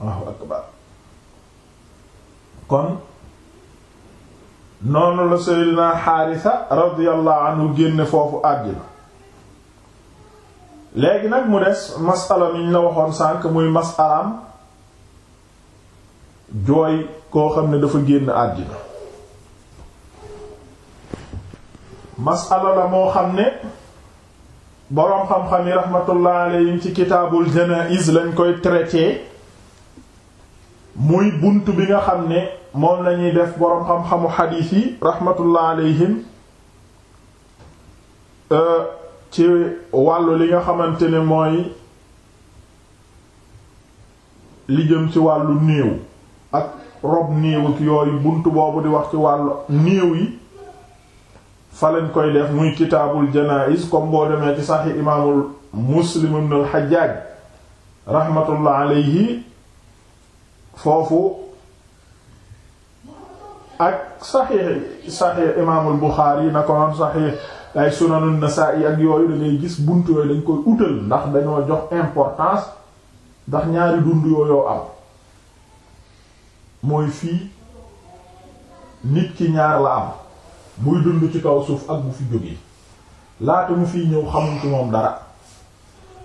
Speaker 1: waaw akbar kon noonu la seydina xaarisa radiyallahu anhu génne foofu àddina léegi nag mu des masala mi ñu la waxoon sànk muy masalaam jooy koo xam ne dafa génn àddina masala la moo xam ne boroom xam-xam yi rahmatullah alayhim ci kitaabul janaiz lañ koy traité muy bunt bi nga xam ne moom lañuy def boroom xam-xamu xadiis yi rahmatullah alayhim euh, ci wàllu li nga xamante ne mooy li jëm ci wàllu néew ak rob néew ak yooyu bunt boobu di wax ci wàllu néew yi fa lañ koy def muy kitaabul janaa'iz comme boo demee ci saxi imaamul muslim ibn al-Hajjaj alayhi foofu ak saxiix saxiix imaamul Buxaari yi na ko noon saxiix ay sunanun Nasaa'i ak yooyu dangay gis bunt yooyu dañ koy utal ndax dañoo jox importance ndax ñaari dund yooyu am mooy fii nit ki ñaar la am muy dund ci kaw suuf ak bu fi jógee laata mu fiy ñëw xamuñ ci moom dara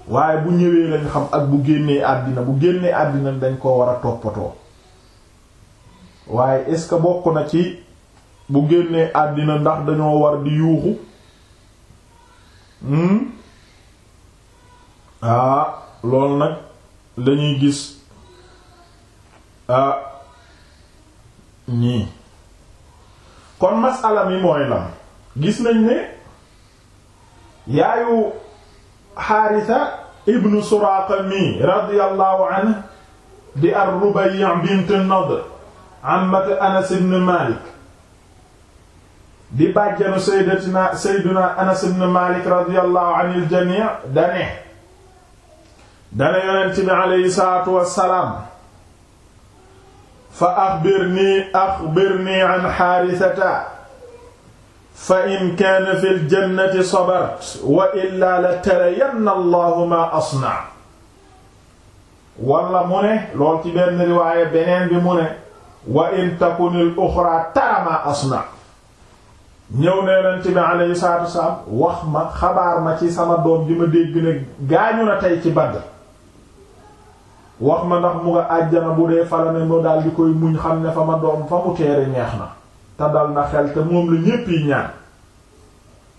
Speaker 1: waaye bu ñëwee lañ xam ak bu génnee àddina bu génnee àddina dañ ko war a toppatoo waaye est-ce bokk na ci bu génnee àddina ndax dañoo war di yuuxu hmm ah loolu nag lañuy gis ah ñii kon masala mi mooy lam gis nañ ne yaayu xaarisa ibnu suraaqa mi radiyallahu anhu di ar-Rubayyi' bint an-Nadr ammat Anas ibn Malik di bàjjanu sayyidatina sayyiduna Anas ibn Malik radiyallahu anil jami' dane dane yonent bi alayhi salaatu wassalaam fa axbirnii axbirnii an xaarisata fa in kaana fi ljannati sabart wa illaa la tarayanna allahu ma asna wala mu ne lool ci benn riwaaya beneen bi mu ne wa in takunil uxra tara ma asna ñëw ne yonent bi alayhi wax ma xabaar ma ci sama doom ji ma dégg ne gaañu na tey ci Badr wax ma ndax mu nga àjjana bu dee fala ne mu daal di koy muñ xam ne fa ma doom fa mu teere neex na te dal na xel te moom la ñépp yi ñaan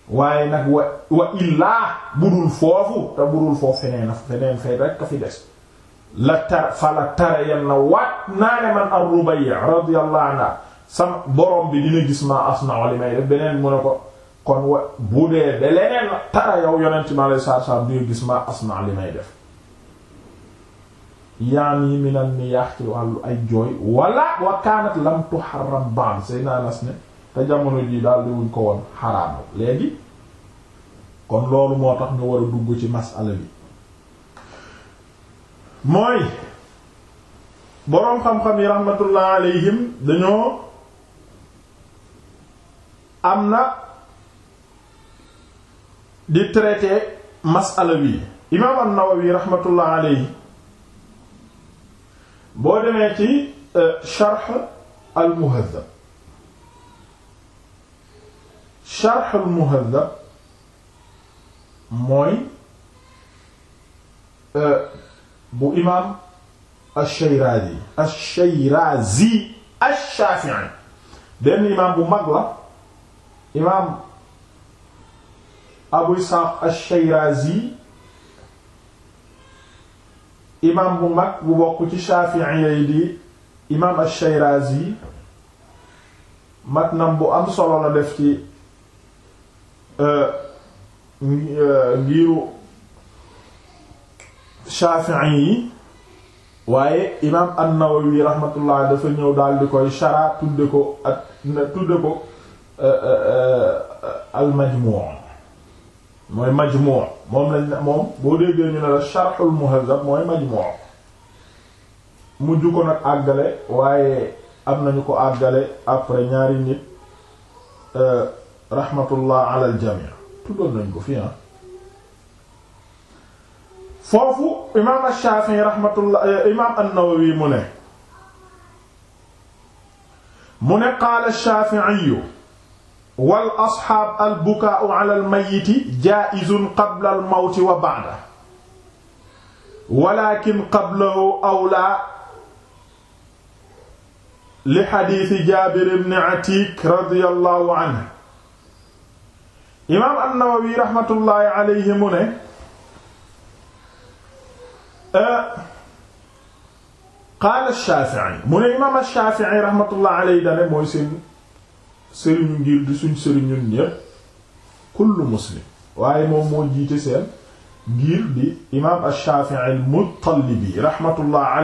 Speaker 1: waaye nag wa wa illaa budul foofu te budul foofu feneen feneen fay rek ka fi des la tar fa la tare yan na waat naa ne man ar-Rubayyi radiyallahu anha borom bi dina gis ma asna li may def beneen mu ne ko kon wa bu dee de leneen tara yow yonent mi alayhi dina gis ma asna li may def yaani min al niyaax ci wàllu ay jooy wala wa kaanat lam tuharram ba'd sayna Anas ne te jamono ji daal di ko woon xaraam léegi kon loolu moo tax ñu war a dugg ci masala bi mooy boroom xam-xam yi rahmatullah alayhim dañoo am na di traité masala bi imaam an-Nawawi rahmatullah alayhi boo demee ci euh, sharh al muhazzab sharh al muhazzab mooy euh, bu imaam ash-Shirazi ash-Shirazi ash-Shafi'i benn imaam bu mag la imaam Abu Ishaq ash-Shirazi imam bu mag bu bokk ci Shafi'iyya yi di imam ash-Shirazi matnam bu am solo na def ci euh, euh, ngiru Shafi'i yi waaye imam an-Nawawi rahmatullah dafa ñëw daal di koy shara tudde ko ak tudde ko euh, al-Majmu' mooy majmu' moom lañ ne moom boo déggee ñu ne la sharhul muhazzab mooy majmu' mujj ko nag àggale waaye am nañu ko àggale après ñaari nit euh, rahmatullah ala al jami' tuddoon nañ ko fi ah foofu imaam ash-Shafi'i rahmatullah euh, imaam an-Nawawi mu ne mu ne qaala ash-Shafi'i wal asxaab al bukaau ala al mayiti jaa'izun qabla al mawti wa ba'da walakin qablahu awlaa li xadiisi jaabir ibn atiik radiyallahu anhu imaam an-Nawawi raxmatullaahi alayhi mu ne qaala ash-Shaafi'i mu ne imaam ash-Shaafi'i raxmatullaahi alayhi dane mooy seen sëriñu ngir di suñ sëriñun ñépp kullu muslim waaye moom moo jiite seen ngir di imaam ash-Shafi'i al-Muttalibi rahmatullah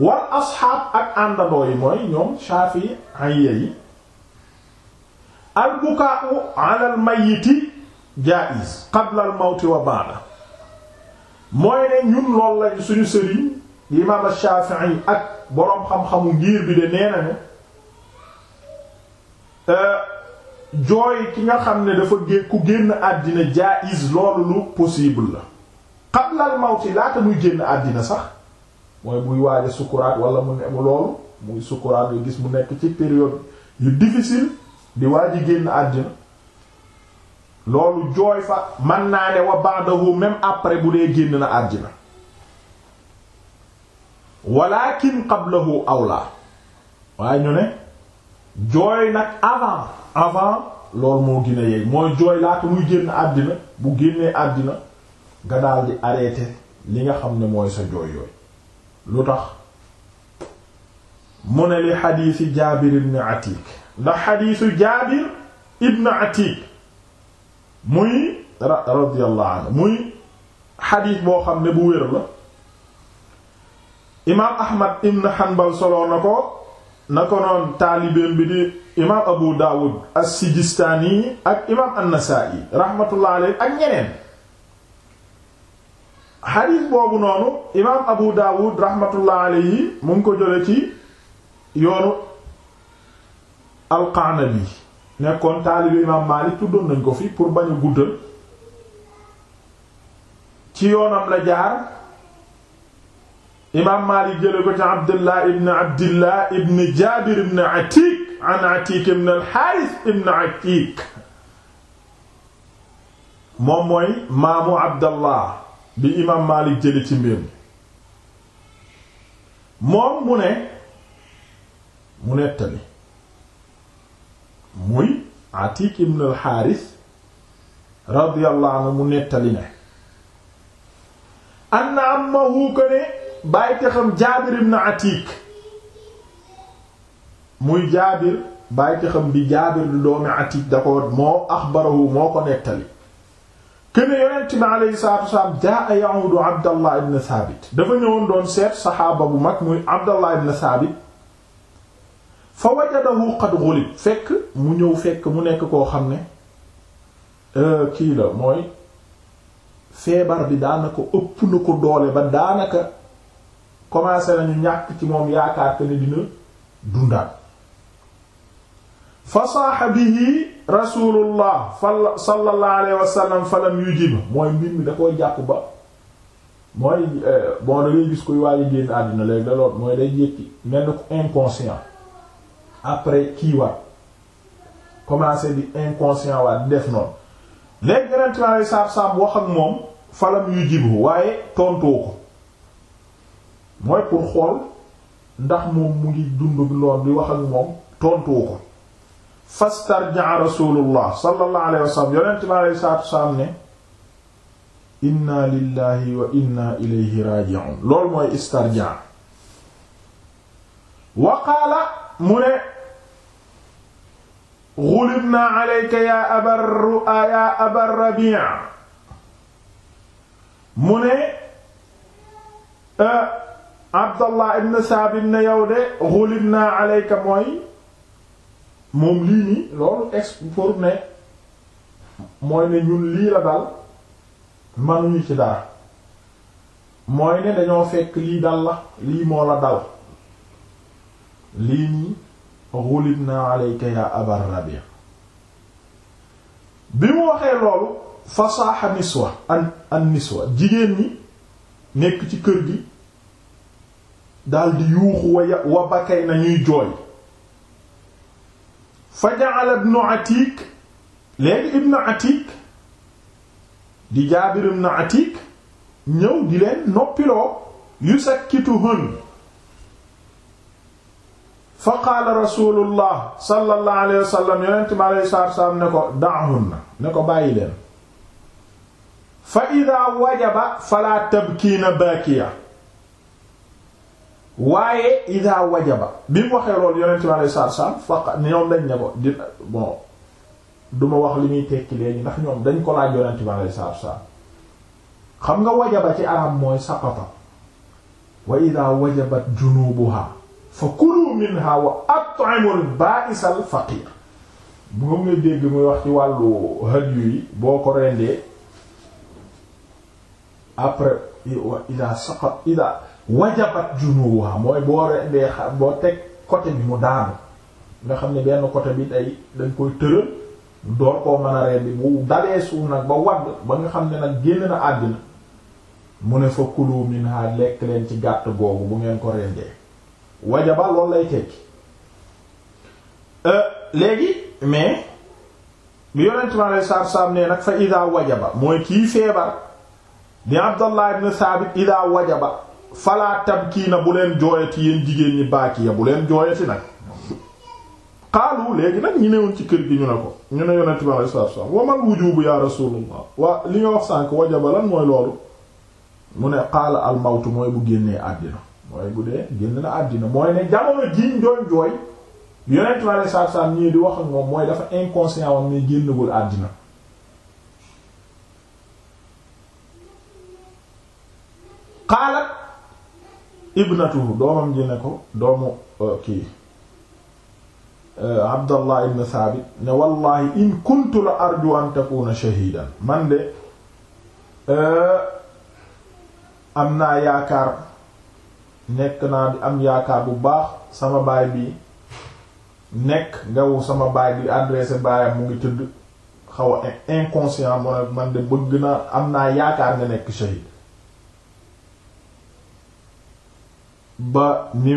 Speaker 1: ak àndandoo yi mooy ñoom Shafi'i yi al-bukaa'u ala jaa'iz qabla al-mawti wa ba'da mooy ne ñun loolu lañ suñu sëriñ imaam ash-Shafi'i ak boroom xam-xamu ngir bi de nee na jooy ki nga xam ne dafa gé ku génn àddina jaiz loolu lu possible la qablal mawti laata muy génn àddina sax mooy muy waaja sukuraat wala mu ne loolu muy sukuraat yu gis mu nekk ci période yu difficile di waaji génn àddina loolu jooy fa man naa ne wa ba'dahu même après bu dee génn na àddina walakin qablahu awla waaye ñu ne jooy nag avant avant loolu moo gën a mooy jooy laata muy génn àddina bu génnee àddina nga daal di li nga xam ne mooy sa jooy yooyu lu tax mu ne li xadiisi jaabir ibn atik ndax xadiisu jaabir ibn atik muy radiyallahu anhu muy xadiis boo xam ne bu wér la imaam ahmad ibn hanbal solo na ko na ko noon taalibeem bi di imaam Abu Dawud as ak imaam an-Nasaa'i rahmatullah alayhi ak ñeneen xadiis boobu noonu imaam Abu Dawud rahmatullah alayhi mu ngi ko jële ci yoonu al-Qanabi nekkoon taalibe imaam Maalik tuddoon nañ ko fi pour bañ guddal ci yoonam la jaar imaam Maalik jële ko ci Abdullah ibn Abdillah ibn Jaabir ibn Atiik an Atiik ibn al-Haaris ibn moom mooy maamu Abdallah bi imaam Maalik jële ci mbir moom mu ne mu nettali muy Atiik ibn al-Haaris radiyallahu mu nettali ne anna ammahu kaana bàyyi te xam jaabir ibn atik muy jaabir bàyyi te bi jaabir di doomi atik da ko moo axbarahu moo ko nettali kene yonent bi aleyhi salatu wasalaam jaa yahudu abdallah ibn thabit dafa ñëwoon doon seet saxaaba bu mag muy abdallah ibn thabit fa wajadahu qad ghulib fekk mu ñëw fekk mu nekk koo xam ne euh, kii la mooy feebar bi daanaka ëpp na ko doole ba daanaka commencé nañu ñàkk ci moom yaakaar que ne dina dundaat fa saaxa bihi rasulullah fa sallallahu alayhi wa sallam falam yujiba mooy mbir mi da koy jàpp ba mooy euh, bon da ngay gis koy waaye génn àddina léegi da lool mooy day jékki mel na ko inconscient après kii waat commencé di inconscient waat def noonu léegi gënantimaale saab-saab wax ak moom falam yujibu waaye tontoo ko mooy pour xool ndax moom mu ngi dund lool di wax moom tontuwu ko fastarjaa rasulullah sallallahu alayhi wa sallam yonent bi alayhi salaatu wasalaam ne inna lillahi wa inna ilayhi raji'un loolu mooy istarjaa wa qaala mu ne gulibna alayka ya abar ya abar rabi' mu ne eh, abdallah ibn saabit ne yow de xulib naa aleyka mooy moom lii nii loolu export ne mooy ne ñun lii la dal mënuñu ci dara mooy ne dañoo fekk lii dal la lii moo la dal lii nii xulib naa aleyka yaa abar rabi bi mu waxee loolu fasaaxa niswa an an niswa jigéen ñi nekk ci kër gi daldi yuuxu wa ya na ñuy jooy fa ja'ala ibnu Atiik léegi ibnu Atiik di Jaabir ibnu Atiik ñëw di leen noppiloo yusakkituhun fa qaala rasulullah sallallahu alayhi ne ko da'hunna ne ko bàyyi leen fa idaa wajaba falaa tabkiina baakiya waaye ida wajaba bi mu waxee loolu yonent bi alayhi salaatu salaam faq ñoom dañ ne ko di wax li ñuy tekki léegi ndax ñoom dañ ko laaj yonent bi alayhi salaatu salaam xam nga wajaba ci arab mooy saqata wa ida wajabat junubuha fa kulu minha wa at'imul ba'isal faqir bu nga ngay dégg muy wax ci wàllu hadyu yi boo ko rendee après ida saqat ida wajabat junuha mooy boo rendee xar boo teg côté bi mu daanu nga xam ne benn côté bi day dañ koy tëral door koo mën a rendi bu dalee suuf nag ba wadd ba nga xam ne nag génn na àddina mu ne fa kulu minha lekk leen ci gàtt googu bu ngeen ko rendee wajaba loolu lay tekki euh, léegi mais bi yonent ma lay saab-saab ne nag fa ida wajaba mooy kii feebar di Abdallah ibn Sabit ida wajaba falaa kii na bu leen jooyati yéen jigéen ñi baaki ya bu leen jooyati nag xaalu léegi nag ñu newoon ci kër gi ñu ne ko ñu ne yonent bi alayhi salaatu wassalaam wamal wujubu ya rasulullah waa li nga wax sànk wajaba lan mooy loolu mu ne xaala al mawtu mooy bu génnee àddina mooy bu dee génn na àddina mooy ne jamono jiñ doon jooy yonent bi alayhi salaatu ñii di wax ak moom mooy dafa inconscient woon ne génnagul àddina xaala ibnatuhu doomam ji ne ko doomu uh, kii uh, abdallah ibn thabit ne wallahi in kuntu la arju an takuna man de uh, am naa yaakaar nekk naa di am yaakaar bu baax sama baay bi nekk ngawu sama baay bi adressé baayam mu ngi tëdd xaw a inconscient mu ne man de bëgg naa am naa yaakaar nga nekk shahid ba ni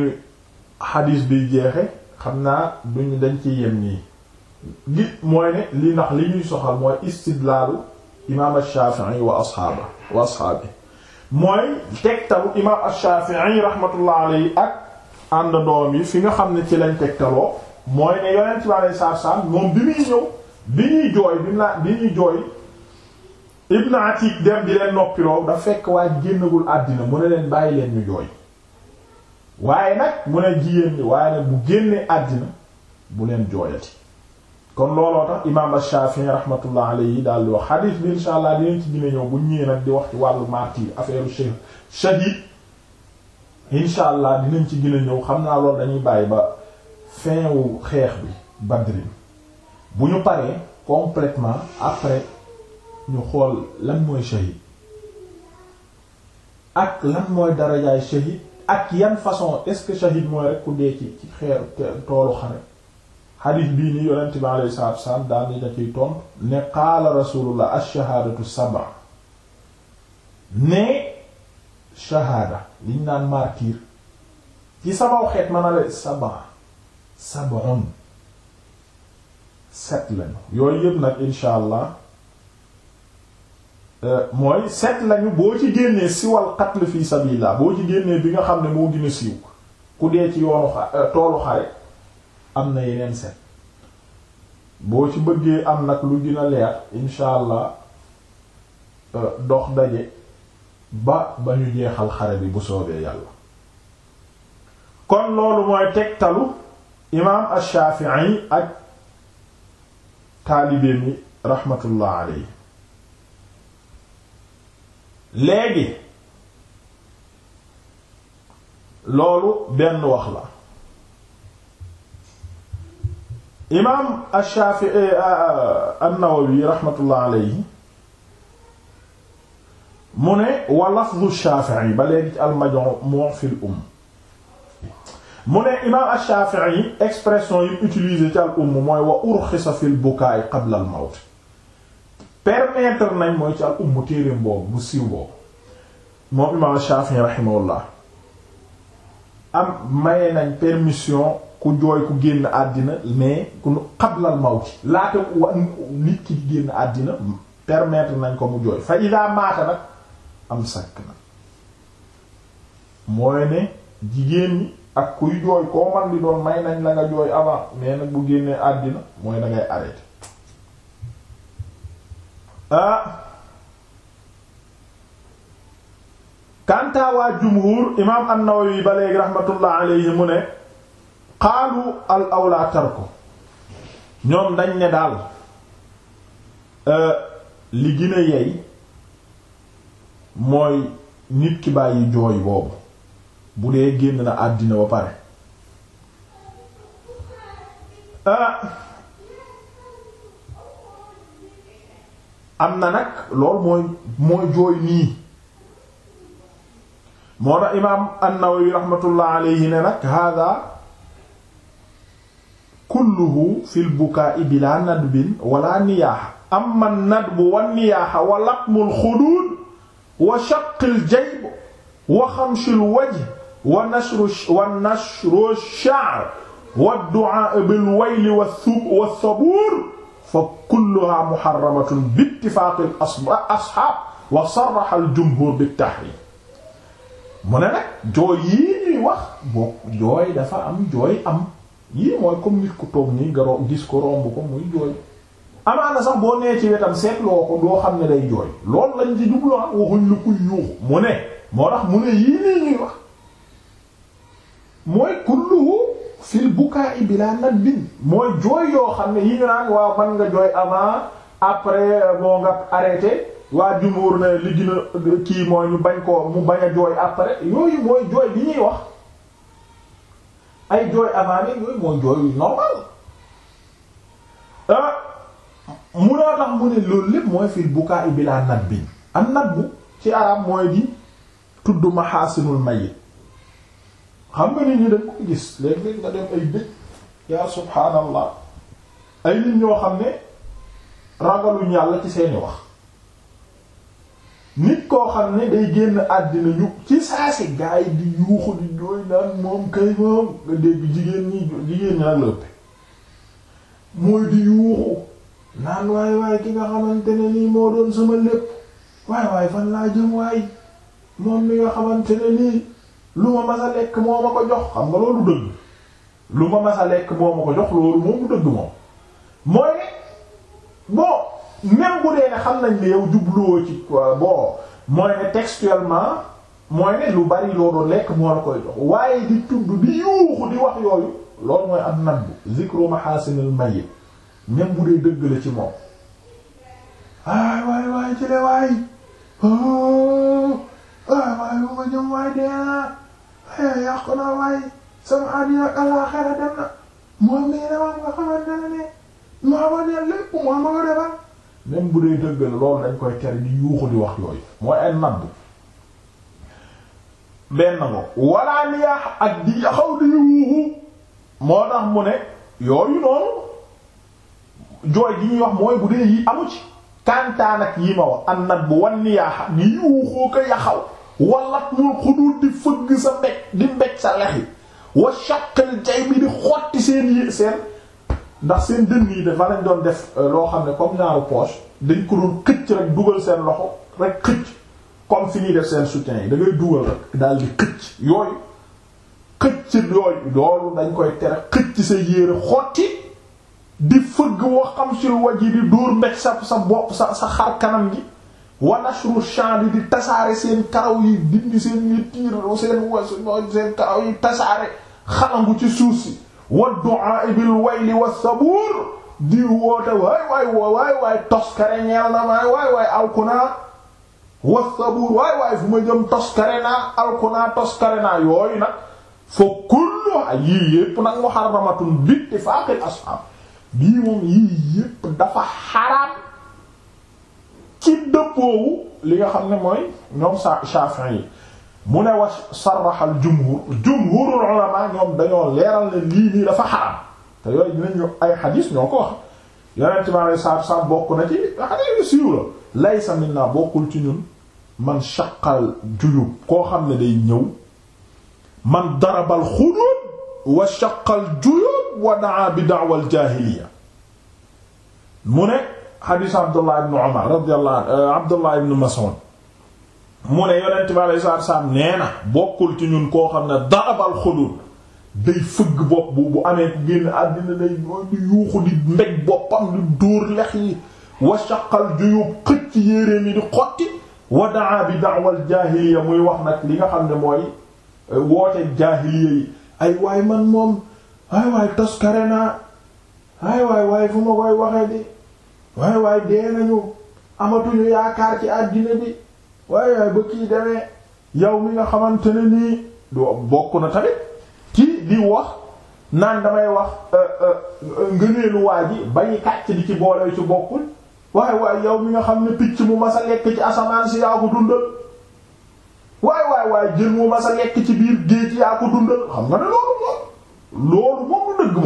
Speaker 1: xadiis biy jeexe xam naa duñu dañ ci yem nii gi mooy ne li ndax li ñuy soxal mooy istidlaalu imaam ash-Shafi'i wa asxaaba wa asxaabi mooy tegtalu imaam ash-Shafi'i rahmatullah alayhi ak ànd doom yi fi nga xam ne ci lañ tegtaloo mooy ne yonent bi alayhi salaatu salaam moom bi muy ñëw bi ñuy jooy bi naa bi ñuy jooy Ibn Atik dem di leen noppiloo da fekk waaye génnagul àddina mu ne leen bàyyi leen ñu jooy waaye nag mu ne jigéen ñi waaye nag bu génnee àddina bu leen jooyati kon looloo tax imaam Ash-Shafi'i rahmatullah yi daal di wax xadiis bi insha allah dinañ ci dina ñëw bu ñëwee nag di wax ci wàllu martyr affaire cheikh shahid insha allah dinañ ci gën a ñëw xam naa lool dañuy bàyyi ba fin wu xeex bi Badrin bu ñu paree complètement après ñu xool lan mooy shahid ak lan mooy darajaay shahid ak yan façon est-ce que shahid mooy rek ku dee ci ci xeer toolu xare xadiis bii nii yonent bi alayhi salaatu wasalaam daal ciy tontu ne qaala rasulullah ash-shahaadatu sab'a ne shahaada liñ naan martyr ci sama xeet mën a la sab'a sab'un set lañu yooyu yëpp nag insha allah Euh, mooy set lañu boo ci génnee siwal qatl fi sabilillah boo ci génnee bi nga xam ne moo gën a siiw ku dee ci yoonu xa euh, toolu xare am na yeneen set boo ci bëggee am nag lu gën a leer incha euh, dox daje ba ba ñu jeexal xare bi bu soobee yàlla kon loolu mooy tegtalu imaam al shafii ak taalibe mi rahmatullah alayhi léegi loolu benn wax la imaam Ash-Shafi'i eh, eh, eh, An-Nawawi rahmatullah alayhi mu ne wa lafdu Shafi'i ba léegi ci al-Majmu' fil Umm mu ne imaam Ash-Shafi'i expression yi utilisé ci al-Umm mooy wa urxisa fil bukaa'i qabla al-mawt permettre nañ mooy ci al umm téereem boobu bu siiw boobu moom imaam Shafi'i rahimahullah am maye nañ permission ku jooy ku génn àddina mais ku qablal mawti laata nit ki di génn àddina permettre nañ ko mu jooy fa idaa maata nag am sakk na mooy ne jigéen ñi ak kuy jooy koo man di doon may nañ la nga jooy avant mais nag bu génnee àddina mooy da ngay arrêter ah kanta waa jumhur imaam an ba léegi rahmatullah alayhi mu ne qaalu al awla tarku ñoom dañ ne daal eh, li gën a yey mooy nit ki bàyyi jooy boobu bu dee génn na àddina ba pare ah. am na nag loolu mooy mooy jooy nii moo tax imaam an-Nawawi rahmatullah alayhi ne nag hada kulluhu fil bukaa'i bila nadbin wala niyaaha amma an-nadbu wan niyaaha wa latmul xuduud wa shaqqil jayb wa xamshil wajh wa nashru wa nashru sha'r wa du'aa bil wayli wa thubuur fa kulluha muharramatun bi ittifaaqi asxaab wa sarraha al jumhur bi tahrim mu ne nag jooy yii ñuy wax boo jooy dafa am jooy am yii mooy comme nit ku toog nii nga gis ko romb ko muy jooy amaana sax boo nee ci wetam seetloo ko doo xam ne day jooy loolu lañ ci jublu ah, waxuñ lu yuuxu mu ne moo tax mu ne yii nii ñuy wax mooy kulluhu fil bukaay bila nadbin mooy jooy yoo xam ne yi ñu naan waaw man nga jooy avant après moo nga arrêté waa jumhur ne li gën kii mooy ñu bañ ko mu bañ a jooy après yooyu mooy jooy bi ñuy wax ay jooy avant ne yooyu mooy jooy normal ah mu noo tax mu ne loolu lépp mooy fil bukaay bila nadbin an nadbu ci arab mooy di tudd maxaasinul mayit xam nga nit ñi dañ koy gis léeg nga dem ay dëj yaa subhaanallah ay nit ñoo xam ne ragaluñ yàlla ci seeni wax nit koo xam ne day génn àddina ñu ci saa si gaay di yuuxu di jooy naan moom kay moom nga dégg jigéen ñi jigéen ñi ak mooy di yuuxu naan waay waay ki nga xamante ne nii moo doon sama lépp waay waay fan laa jëm waay moom mi nga xamante ne nii lu ma mas a lekk moo ma ko jox xam nga loolu dëgg lu ma mas a lekk moo ma ko jox loolu moom dëgg moom mooy ne bon même bu dee ne xam nañ ne yow jubluwoo ci bon mooy ne textuellement mooy ne lu bari loolu lekk moo la koy jox waaye di tudd bi yuuxu di wax yooyu loolu mooy am nag bu zikru mahasinil mayyit même bu dee dëgg la ci moom waay waay ci le waay oh, waay waay bu ma jëm waay dee yàqu naa waaye sama àddina ak àllaaxira dem na moom nee na moom nga xamante ne ne maa ko defal. même bu di wax yooyu mooy ay nabbu. benn ngo walla moo tax mu ne yooyu noonu jooy gi ñuy wax mooy bu dee yi amu ci. kantaan ak yi ma wax an nat bu wan ni yaa di ko yaxaw. walat mul xuduut di fëgg sa mbéj di mbéj sa lexi wa shaqal jay bi di xotti seen yi seen ndax seen dënn yi dafa lañ doon def euh, loo xam ne comme ñaaru poche dañ ko doon xëcc rek dugal seen loxo rek xëcc comme fi ñuy def seen soutien yi da dugal rek daal di xëcc yooyu xëcc yooyu dañ koy tere xëcc sa yére xotti di fëgg wa xam sul waj yi di dóor mbéj sa sa bopp sa sa xar kanam gi wa nashru sha'ri di tasaare seen karaw yi dindi seen yi tiir seen was seen karaw yi tasaare xalangu ci suuf si wa du'a bil wayli wa sabuur na maa waay waay alkunaa wa sabuur waay waay fu ma jëm toskare naa alkunaa toskare naa yooyu nag fa kullu yii yépp nag muharramatun bittifaaqil ashaab bii moom yii yépp dafa ci dëppoowu li nga xam ne mooy ñoom Shafi'i yi mu ne wa sarraxal jumhur jumhurul ulama ñoom dañoo leeral ne lii nii dafa xaram te yooyu dinañ ñu ay xadiis ñoo ko wax yonent ma saab saab na siiw la laysa minna bokkul ci ñun man shaqal juyub koo xam ne day ñëw man darabal xuduud wa shaqal juyub wa daa bi daawal jaahiliya mu ne xadiis Abdullah ibn Umar radiyallahu euh, Abdullah ibn Mas'ud mu ne yonent bi alayhi salaatu salaam nee na bokkul ci ñun koo xam ne darabal xudul day fëgg bopp bu bu amee ku génn àddina day di yuuxu di mbéj boppam di dóor lex yi wa shaqal juyub xëcc yéeréem yi di xotti wa daa bi da'wal jaahiliya muy wax nag li nga xam ne mooy euh, woote jaahiliya yi ay waay man moom ay waay toskare naa ay waay waay fu ma koy waxee di waaye waaye dee nañu amatuñu yaakaar ci àddina bi waaye waaye ba kii demee yow mi nga xamante ne nii du bokk na tamit kii di wax naan damay wax euh, euh, ngëneelu waa ji bañi kàcc di ci boole ci bokkul waaye waaye yow mi nga xam ne picc mu mas a lekk ci asamaan si yaa ko dundal waaye waaye waaye jën mu mas lekk ci biir géej yaa ko dundal xam nga ne loolu moom loolu moom dëgg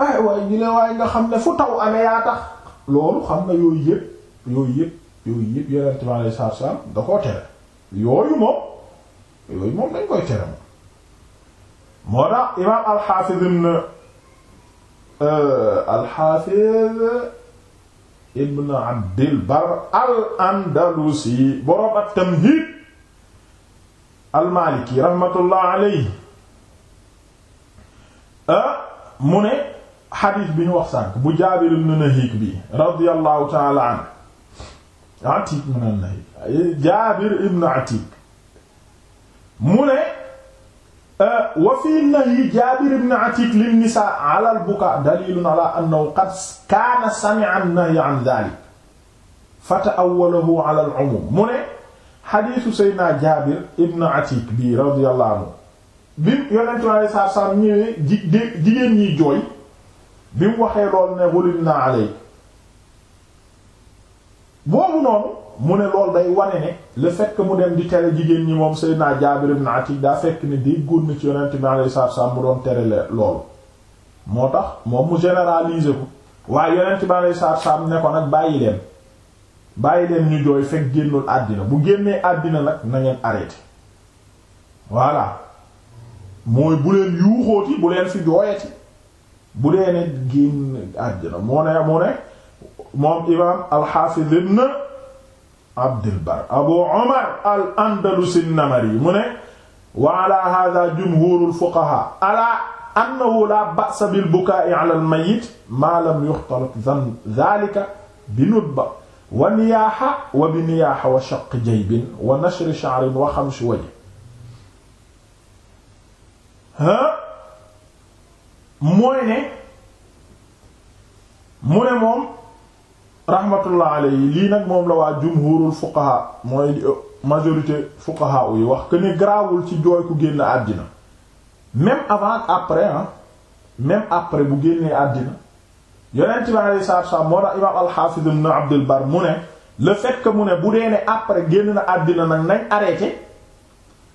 Speaker 1: ay waaye ñu waaye nga xam ne fu taw amee yaa tax loolu xam nga yooyu yëpp yooyu yëpp yooyu yëpp yooyu moom yooyu moom dañ koy tere moom moo tax imaam alxaafiz ibn euh, alxaafiz ibn abdil bar almaaliki raxmatullah alayhi ah, mu ne xadiis bi ñu wax sànk bu Jaabir ibn Nahiik bi radiyallahu ta'ala anhu Atiik mu ne Nahiik Jaabir ibn Atiik mu ne euh, wa fii nahyi Jaabir ibn Atiik lin nisaa ala al-bukaa daliilun ala annahu qad kaana sami'a an-nahya an dhaalik fata'awwalahu ala al-'umuum mu ne xadiisu Seydina Jaabir ibn Atiik bi radiyallahu anhu bi Yonent bi alayhi salaatu wa salaam ñëwee jigéen ñiy jooy bi mu waxee lool ne wulin naa aleyk boobu noonu mu ne lool day wane ne le fekk mu dem di tere jigéen ñi moom Seydina Jaabir ibn Atiq daa fekk ni day gónn ci yonent bi alayhi salaatu salaam mu doon tere loolu moo tax moom mu généraliser ko waaye yonent bi alayhi salaatu salaam ne ko nag bàyyi leen bàyyi leen ñu jooy fekk génnul àddina bu génnee àddina nag na ngeen arrêté voilà mooy bu leen yuuxooti bu leen fi jooyati bu dee ne génn àddina mu ne mu ne moom imaam alxaafiz ibn abdul bar abu omar al andalusi namari mu ne wa ala hada jumhurul fuqaha ala annahu la ba'sa bil buka'i ala al mayyit ma lam yuxtalat dhalika bi nutba wa niyaha wa bi niyaha wa shaqq jaybin wa nashri sha'rin wa khamshi wajh ha mooy ne mu ne moom rahmatullah alayhi lii nag moom la waa jumhurul fuqaha mooy majorité fuqaha yi wax que ni garaawul ci jooy ku génn àddina même avant après ah après bu génnee àddina yonent bi alayhi salaatu wa salaam moo tax imaam al-Hafiz le fait mu ne bu dee après génn na àddina nag nañ arrêté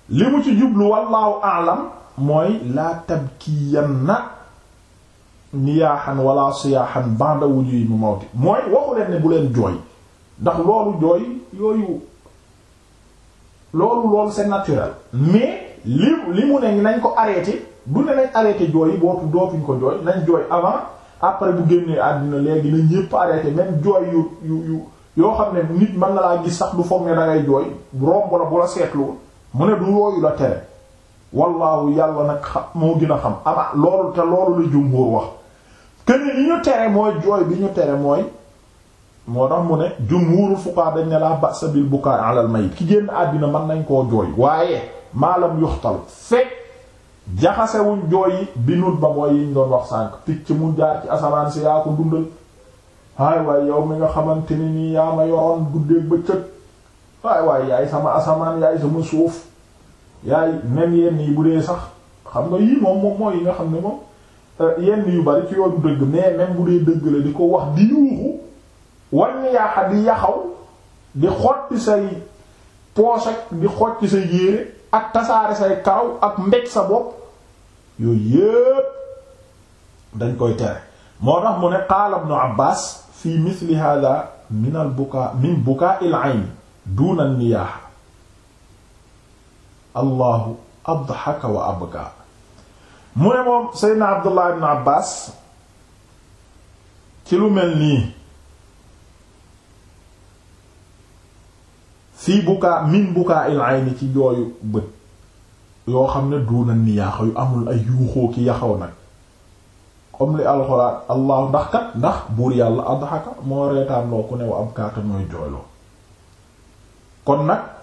Speaker 1: li mu ci jublu wallaahu aalam mooy laa tabkiyanna niyaaxan wala siyaaxan banda wujuy mu mawti mooy waxu leen ne bu leen jooy ndax loolu jooy yooyu loolu loolu c'est naturel mais li li mu ne nañ ko arrêté du ne nañ arrêté jooy yi bootu dootuñ ko jooy nañ jooy avant après bu génnee àddina léegi nañ ñépp arrêté même jooy yu yu yu yoo xam ne nit mën na laa gis sax du foog ne da ngay jooy romb la bu la seetlu mu ne du yooyu la tere wallaahu yàlla nag xam moo gën a xam ama loolu te loolu la jumhur wax kene li ñu tere mooy jooy bi ñu tere mooy moo tax mu ne jumhurul fuqaha dañ ne laa ba'sa bil bukaa alal mayit ki génn àddina mën nañ koo jooy waaye maalam yuxtal fekk jaxasewuñ jooy yi bi nut ba mooy yiñ doon wax sànk picc mu jaar ci asamaan si yaa ko dundal haay waaye yow mi nga xamante ni nii yaa ma yoroon guddeeg bëccëg haay waaye yaay sama asamaan yaay sama suuf yaay même yenn yi bu dee sax xam nga yii moom moom mooy yi nga xam ne moom euh, yenn yu bari ci yoonu dëgg mais même bu dee dëgg la di ko wax di yuuxu war na yaaxa di yaxaw
Speaker 2: di xotti
Speaker 1: say poche ak di xotti say yére ak tasaare say karaw ak mbéj sa bopp yooyu yépp dañ koy tere moo tax mu ne qaala abbas fi mithli hadha min al bukaa min bukaa al ayn duna an allahu adhaka wa abka mu ne moom seydna abdullah ibn abbas ci lu mel nii fii bukaa min bukaa il ayni ci jooyu bët yoo xam ne duuna niyaaxa yu amul ay yuuxoo ki yaxaw nag comme li alxuraan allahu ndax kat ndax buur yàlla adhaka moo reetaan loo ku ne wa abkaata mooy jooyloo kon nag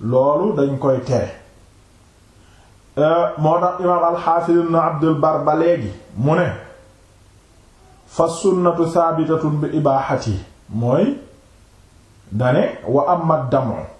Speaker 1: loolu dañ koy tere euh, moo tax imaam alxaafiz ibn abdul bar ba léegi mu ne fa sunnatu saabitatun bi ibaaxati mooy dane wa amma damu